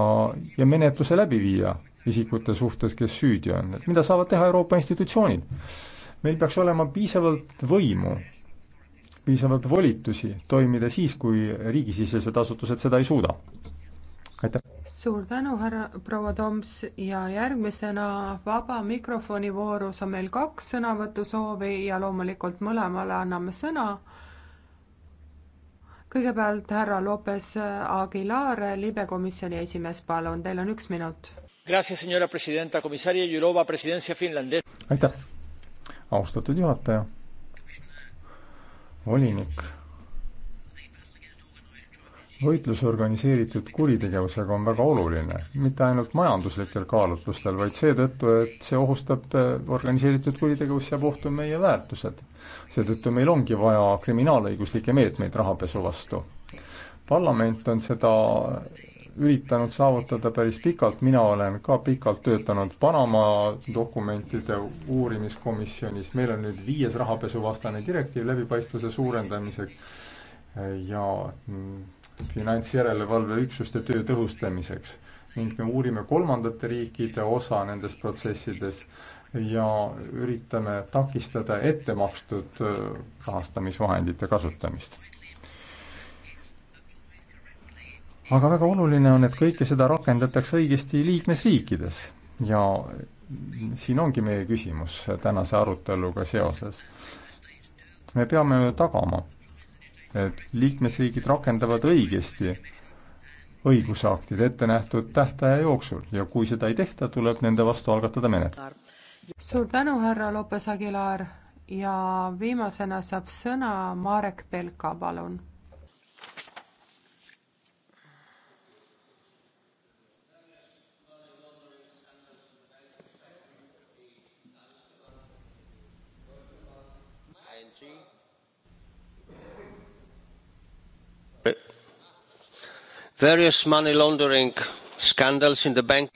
ja menetluse läbi viia isikute suhtes, kes süüdi on, et mida saavad teha Euroopa institutsioonid. meil peaks olema piisavalt võimu, piisavalt volitusi toimida siis, kui riigisisesed asutused seda ei suuda. aitäh! suur tänu, härra, proua Toms ja järgmisena vaba mikrofoni voorus on meil kaks sõnavõtusoovi ja loomulikult mõlemale anname sõna. kõigepealt härra Lopez Aguilar, libekomisjoni esimees, palun, teil on üks minut. aitäh, austatud juhataja, volinik võitlus organiseeritud kuritegevusega on väga oluline, mitte ainult majanduslikel kaalutlustel, vaid seetõttu, et see ohustab, äh, organiseeritud kuritegevus seab ohtu meie väärtused. seetõttu meil ongi vaja kriminaalõiguslikke meetmeid rahapesu vastu. parlament on seda üritanud saavutada päris pikalt, mina olen ka pikalt töötanud Panama dokumentide uurimiskomisjonis, meil on nüüd viies rahapesuvastane direktiiv läbipaistvuse suurendamiseks ja mm, finantsjärelevalveüksuste töö tõhustamiseks ning me uurime kolmandate riikide osa nendes protsessides ja üritame takistada ettemakstud äh, rahastamisvahendite kasutamist. aga väga oluline on, et kõike seda rakendatakse õigesti liikmesriikides ja siin ongi meie küsimus tänase aruteluga seoses. me peame ju tagama, et liikmesriigid rakendavad õigesti õigusaktid ette nähtud tähtaja jooksul ja kui seda ei tehta, tuleb nende vastu algatada menetlus. suur tänu, härra Lopes Aguilar ja viimasena saab sõna Marek Belka, palun various money laundering scandals in the bank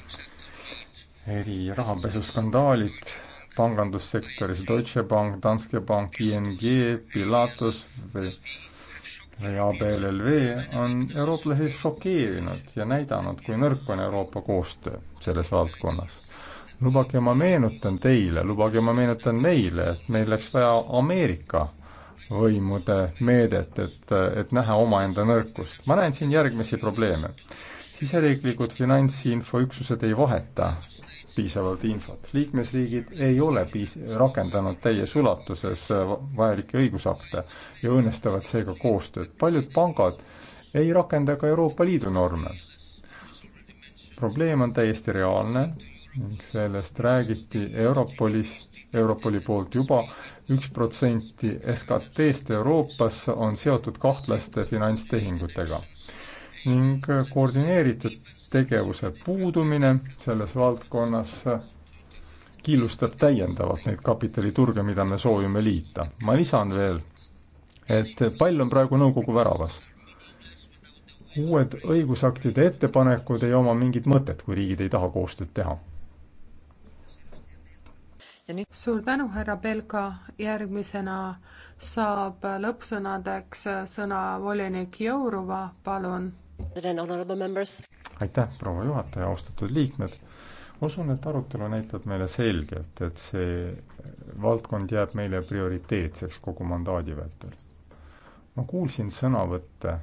eri rahapesuskandaalid pangandussektoris Deutsche Bank, Danske Bank, ING, Pilatus või või ABLLV on eurooplasi šokeerinud ja näidanud, kui nõrk on Euroopa koostöö selles valdkonnas. lubage, ma meenutan teile, lubage, ma meenutan meile, et meil läks vaja Ameerika võimude meedet, et, et näha omaenda nõrkust. ma näen siin järgmisi probleeme. siseriiklikud finantsinfoüksused ei vaheta piisavalt infot. liikmesriigid ei ole piis-, rakendanud täies ulatuses vajalikke õigusakte ja õõnestavad seega koostööd. paljud pangad ei rakenda ka Euroopa Liidu norme. probleem on täiesti reaalne ning sellest räägiti Europolis, Europoli poolt juba üks protsenti SKT-st Euroopas on seotud kahtlaste finantstehingutega. ning koordineeritud tegevuse puudumine selles valdkonnas killustab täiendavalt neid kapitaliturge, mida me soovime liita. ma lisan veel, et pall on praegu nõukogu väravas. uued õigusaktide ettepanekud ei oma mingit mõtet, kui riigid ei taha koostööd teha ja nüüd suur tänu, härra Belka, järgmisena saab lõppsõnadeks sõna volinik Jourova, palun. aitäh, proua juhataja, austatud liikmed usun, et arutelu näitab meile selgelt, et see valdkond jääb meile prioriteetseks kogu mandaadi vältel. ma kuulsin sõnavõtte,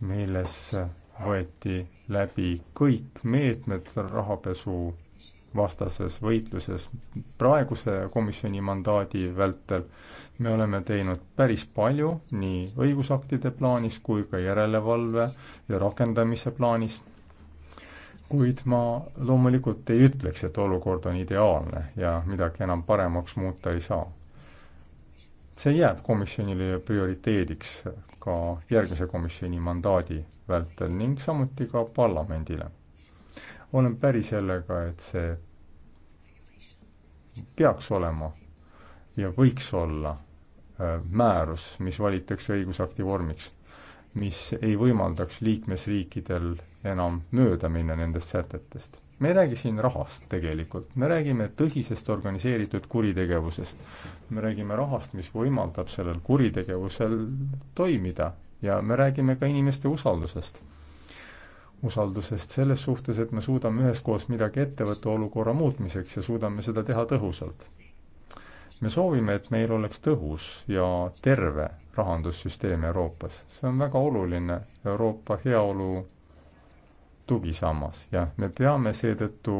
milles võeti läbi kõik meetmed rahapesu vastases võitluses praeguse komisjoni mandaadi vältel me oleme teinud päris palju nii õigusaktide plaanis kui ka järelevalve ja rakendamise plaanis. kuid ma loomulikult ei ütleks, et olukord on ideaalne ja midagi enam paremaks muuta ei saa. see jääb komisjonile prioriteediks ka järgmise komisjoni mandaadi vältel ning samuti ka parlamendile olen päri sellega, et see peaks olema ja võiks olla äh, määrus, mis valitakse õigusakti vormiks, mis ei võimaldaks liikmesriikidel enam mööda minna nendest sätetest. me ei räägi siin rahast tegelikult, me räägime tõsisest organiseeritud kuritegevusest. me räägime rahast, mis võimaldab sellel kuritegevusel toimida ja me räägime ka inimeste usaldusest usaldusest selles suhtes, et me suudame üheskoos midagi ette võtta olukorra muutmiseks ja suudame seda teha tõhusalt. me soovime, et meil oleks tõhus ja terve rahandussüsteem Euroopas. see on väga oluline Euroopa heaolu tugisammas ja me peame seetõttu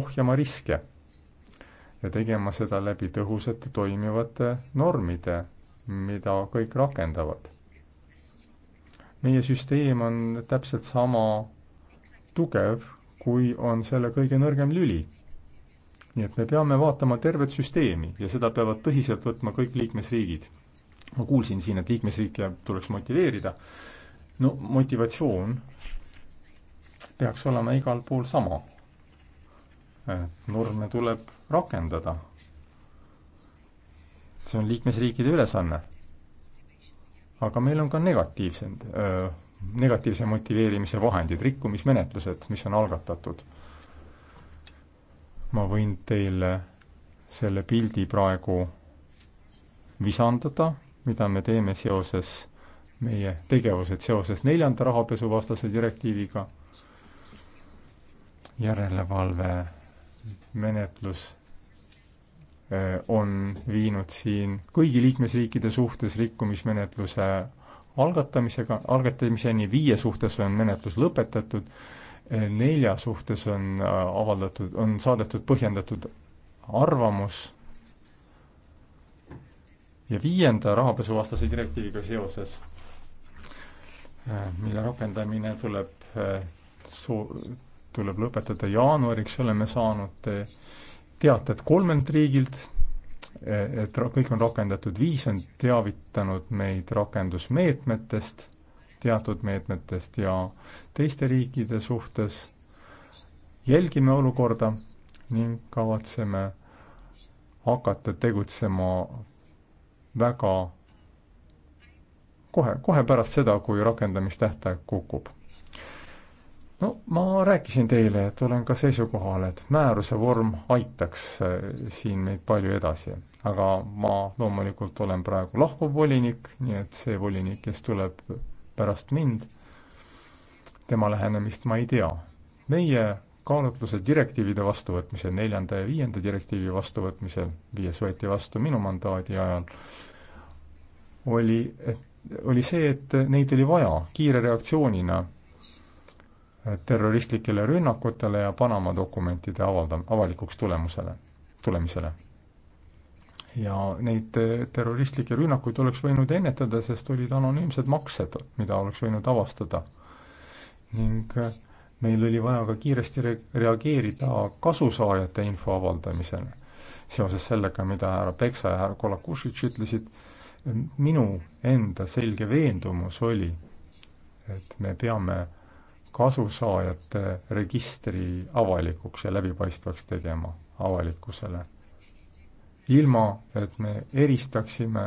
ohjama riske ja tegema seda läbi tõhusate toimivate normide, mida kõik rakendavad meie süsteem on täpselt sama tugev, kui on selle kõige nõrgem lüli. nii et me peame vaatama tervet süsteemi ja seda peavad tõsiselt võtma kõik liikmesriigid. ma kuulsin siin, et liikmesriike tuleks motiveerida. no motivatsioon peaks olema igal pool sama. et norme tuleb rakendada. see on liikmesriikide ülesanne aga meil on ka negatiivsed, negatiivse motiveerimise vahendid, rikkumismenetlused, mis on algatatud. ma võin teile selle pildi praegu visandada, mida me teeme seoses, meie tegevused seoses neljanda rahapesuvastase direktiiviga, järelevalve menetlus Äh, on viinud siin kõigi liikmesriikide suhtes rikkumismenetluse algatamisega, algatamiseni, viie suhtes on menetlus lõpetatud, äh, nelja suhtes on äh, avaldatud, on saadetud põhjendatud arvamus ja viienda rahapesuvastase direktiiviga seoses, mille rakendamine tuleb, tuleb lõpetada jaanuariks, oleme saanud teated kolmelt riigilt, et kõik on rakendatud, viis on teavitanud meid rakendusmeetmetest, teatud meetmetest ja teiste riikide suhtes jälgime olukorda ning kavatseme hakata tegutsema väga kohe, kohe pärast seda, kui rakendamistähtaeg kukub no ma rääkisin teile, et olen ka seisukohal, et määruse vorm aitaks äh, siin meid palju edasi, aga ma loomulikult olen praegu lahkuv volinik, nii et see volinik, kes tuleb pärast mind, tema lähenemist ma ei tea. meie kaalutluse direktiivide vastuvõtmisel, neljanda ja viienda direktiivi vastuvõtmisel, viies võeti vastu minu mandaadi ajal, oli, oli see, et neid oli vaja kiire reaktsioonina terroristlikele rünnakutele ja Panama dokumentide avalda-, avalikuks tulemusele, tulemisele. ja neid eh, terroristlikke rünnakuid oleks võinud ennetada, sest olid anonüümsed maksed, mida oleks võinud avastada. ning eh, meil oli vaja ka kiiresti re-, reageerida kasusaajate info avaldamisele. seoses sellega, mida härra Peksa ja härra Kolakušitš ütlesid, minu enda selge veendumus oli, et me peame kasusaajate registri avalikuks ja läbipaistvaks tegema avalikkusele. ilma, et me eristaksime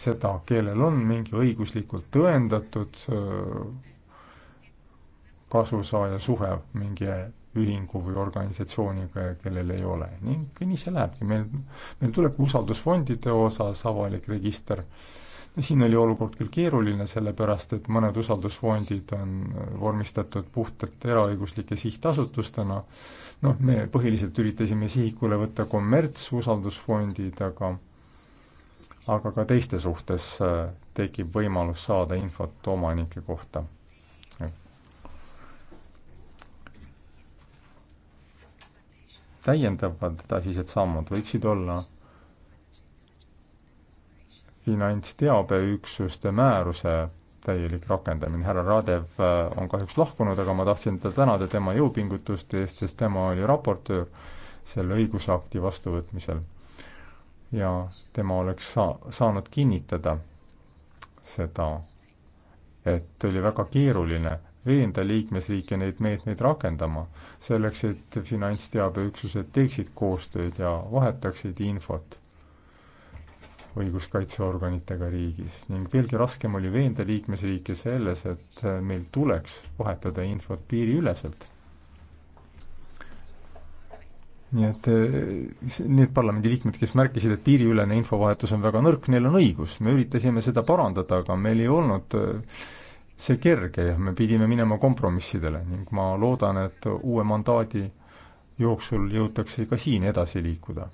seda, kellel on mingi õiguslikult tõendatud äh, kasusaaja suhe mingi ühingu või organisatsiooniga ja kellel ei ole. ning nii see lähebki, meil, meil tuleb usaldusfondide osas avalik register äh, siin oli olukord küll keeruline, sellepärast et mõned usaldusfondid on vormistatud puhtalt eraõiguslike sihtasutustena, noh, me põhiliselt üritasime sihikule võtta kommertsusaldusfondid, aga aga ka teiste suhtes äh, tekib võimalus saada infot omanike kohta. täiendavad edasised sammud võiksid olla finantsteabeüksuste määruse täielik rakendamine. härra Radev äh, on kahjuks lahkunud, aga ma tahtsin teda tänada tema jõupingutuste eest, sest tema oli raportöör selle õigusakti vastuvõtmisel. ja tema oleks saa-, saanud kinnitada seda, et oli väga keeruline veenda liikmesriike neid meetmeid rakendama, selleks et finantsteabeüksused teeksid koostööd ja vahetaksid infot õiguskaitseorganitega riigis ning veelgi raskem oli veenda liikmesriike selles, et äh, meil tuleks vahetada infot piiriüleselt. nii et äh, need parlamendiliikmed, kes märkisid, et piiriülene infovahetus on väga nõrk, neil on õigus, me üritasime seda parandada, aga meil ei olnud äh, see kerge ja me pidime minema kompromissidele ning ma loodan, et uue mandaadi jooksul jõutakse ka siin edasi liikuda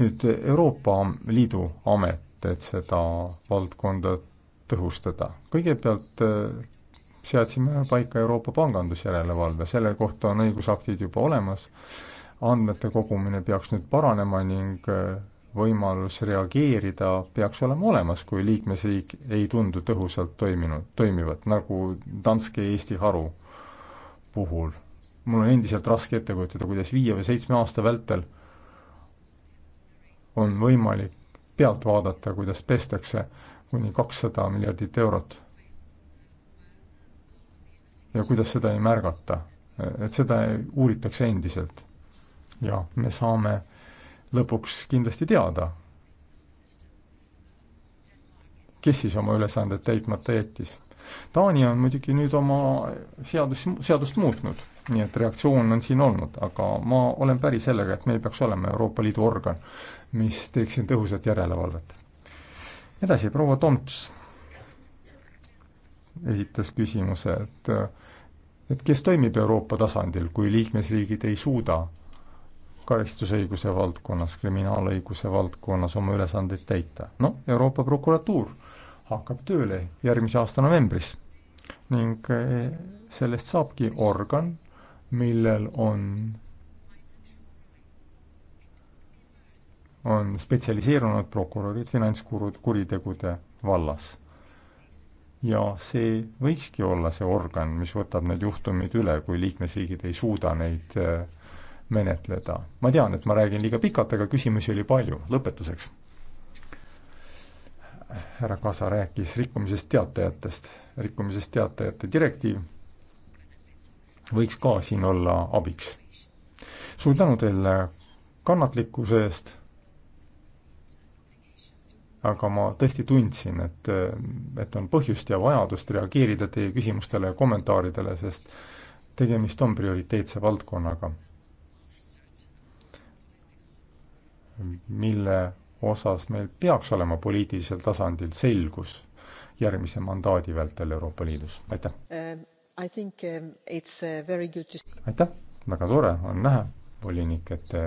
nüüd Euroopa Liidu amet, et seda valdkonda tõhustada. kõigepealt äh, seadsime paika Euroopa pangandusjärelevalve, selle kohta on õigusaktid juba olemas, andmete kogumine peaks nüüd paranema ning äh, võimalus reageerida peaks olema olemas, kui liikmesriik ei tundu tõhusalt toiminud, toimivat, nagu Danske Eesti haru puhul. mul on endiselt raske ette kujutada, kuidas viie või seitsme aasta vältel on võimalik pealt vaadata, kuidas pestakse kuni kakssada miljardit eurot. ja kuidas seda ei märgata, et seda uuritakse endiselt. ja me saame lõpuks kindlasti teada, kes siis oma ülesanded täitmata jättis Taani on muidugi nüüd oma seadus, seadust muutnud, nii et reaktsioon on siin olnud, aga ma olen päri sellega, et me ei peaks olema Euroopa Liidu organ, mis teeks siin tõhusat järelevalvet. edasi, proua Tomts esitas küsimuse, et et kes toimib Euroopa tasandil, kui liikmesriigid ei suuda karistusõiguse valdkonnas, kriminaalõiguse valdkonnas oma ülesandeid täita. noh, Euroopa prokuratuur hakkab tööle järgmise aasta novembris. ning eh, sellest saabki organ, millel on, on spetsialiseerunud prokurörid finantskurud kuritegude vallas. ja see võikski olla see organ, mis võtab need juhtumid üle, kui liikmesriigid ei suuda neid eh, menetleda. ma tean, et ma räägin liiga pikalt, aga küsimusi oli palju. lõpetuseks härra Kasa rääkis rikkumisest teatajatest. rikkumisest teatajate direktiiv võiks ka siin olla abiks. suur tänu teile kannatlikkuse eest, aga ma tõesti tundsin, et, et on põhjust ja vajadust reageerida teie küsimustele ja kommentaaridele, sest tegemist on prioriteetse valdkonnaga, mille osas meil peaks olema poliitilisel tasandil selgus järgmise mandaadi vältel Euroopa Liidus, aitäh um,! Um, uh, aitäh, väga tore on näha, volinik, et te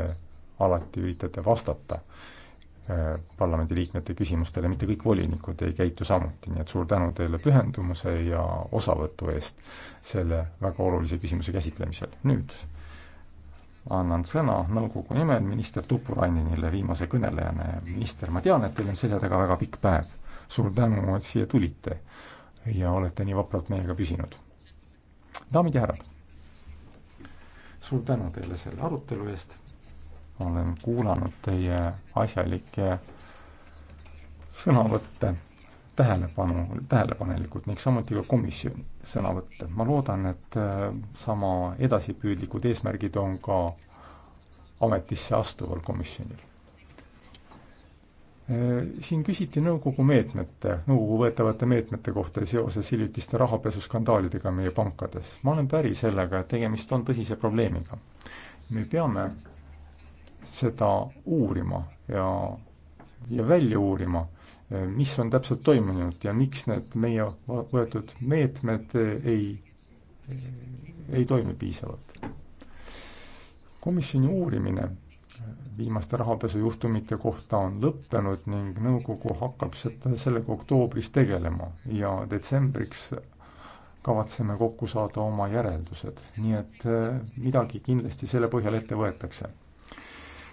alati üritate vastata äh, parlamendiliikmete küsimustele, mitte kõik volinikud ei käitu samuti, nii et suur tänu teile pühendumuse ja osavõtu eest selle väga olulise küsimuse käsitlemisel. nüüd annan sõna nõukogu nimel minister Tuppurainenile viimase kõnelejana ja minister, ma tean, et teil on selja taga väga pikk päev. suur tänu, et siia tulite ja olete nii vapralt meiega püsinud. daamid ja härrad, suur tänu teile selle arutelu eest, olen kuulanud teie asjalikke sõnavõtte tähelepanu, tähelepanelikud ning samuti ka komisjoni sõnavõtte. ma loodan, et äh, sama edasipüüdlikud eesmärgid on ka ametisse astuval komisjonil. Äh, siin küsiti nõukogu meetmete, nõukogu võetavate meetmete kohta seoses hiljutiste rahapesuskandaalidega meie pankades. ma olen päri sellega, et tegemist on tõsise probleemiga. me peame seda uurima ja ja välja uurima, mis on täpselt toimunud ja miks need meie võetud meetmed ei, ei toimi piisavalt. komisjoni uurimine viimaste rahapesujuhtumite kohta on lõppenud ning nõukogu hakkab seda, sellega oktoobris tegelema ja detsembriks kavatseme kokku saada oma järeldused, nii et eh, midagi kindlasti selle põhjal ette võetakse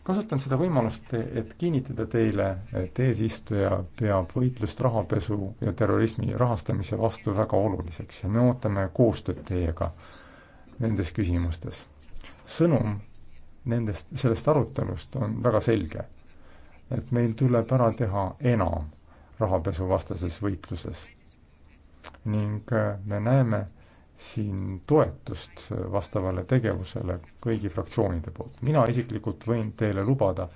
kasutan seda võimalust, et kinnitada teile, et eesistuja peab võitlust rahapesu ja terrorismi rahastamise vastu väga oluliseks ja me ootame koostööd teiega nendes küsimustes. sõnum nendest, sellest arutelust on väga selge. et meil tuleb ära teha enam rahapesuvastases võitluses. ning äh, me näeme, siin toetust vastavale tegevusele kõigi fraktsioonide poolt. mina isiklikult võin teile lubada,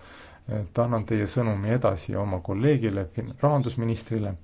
et annan teie sõnumi edasi oma kolleegile, rahandusministrile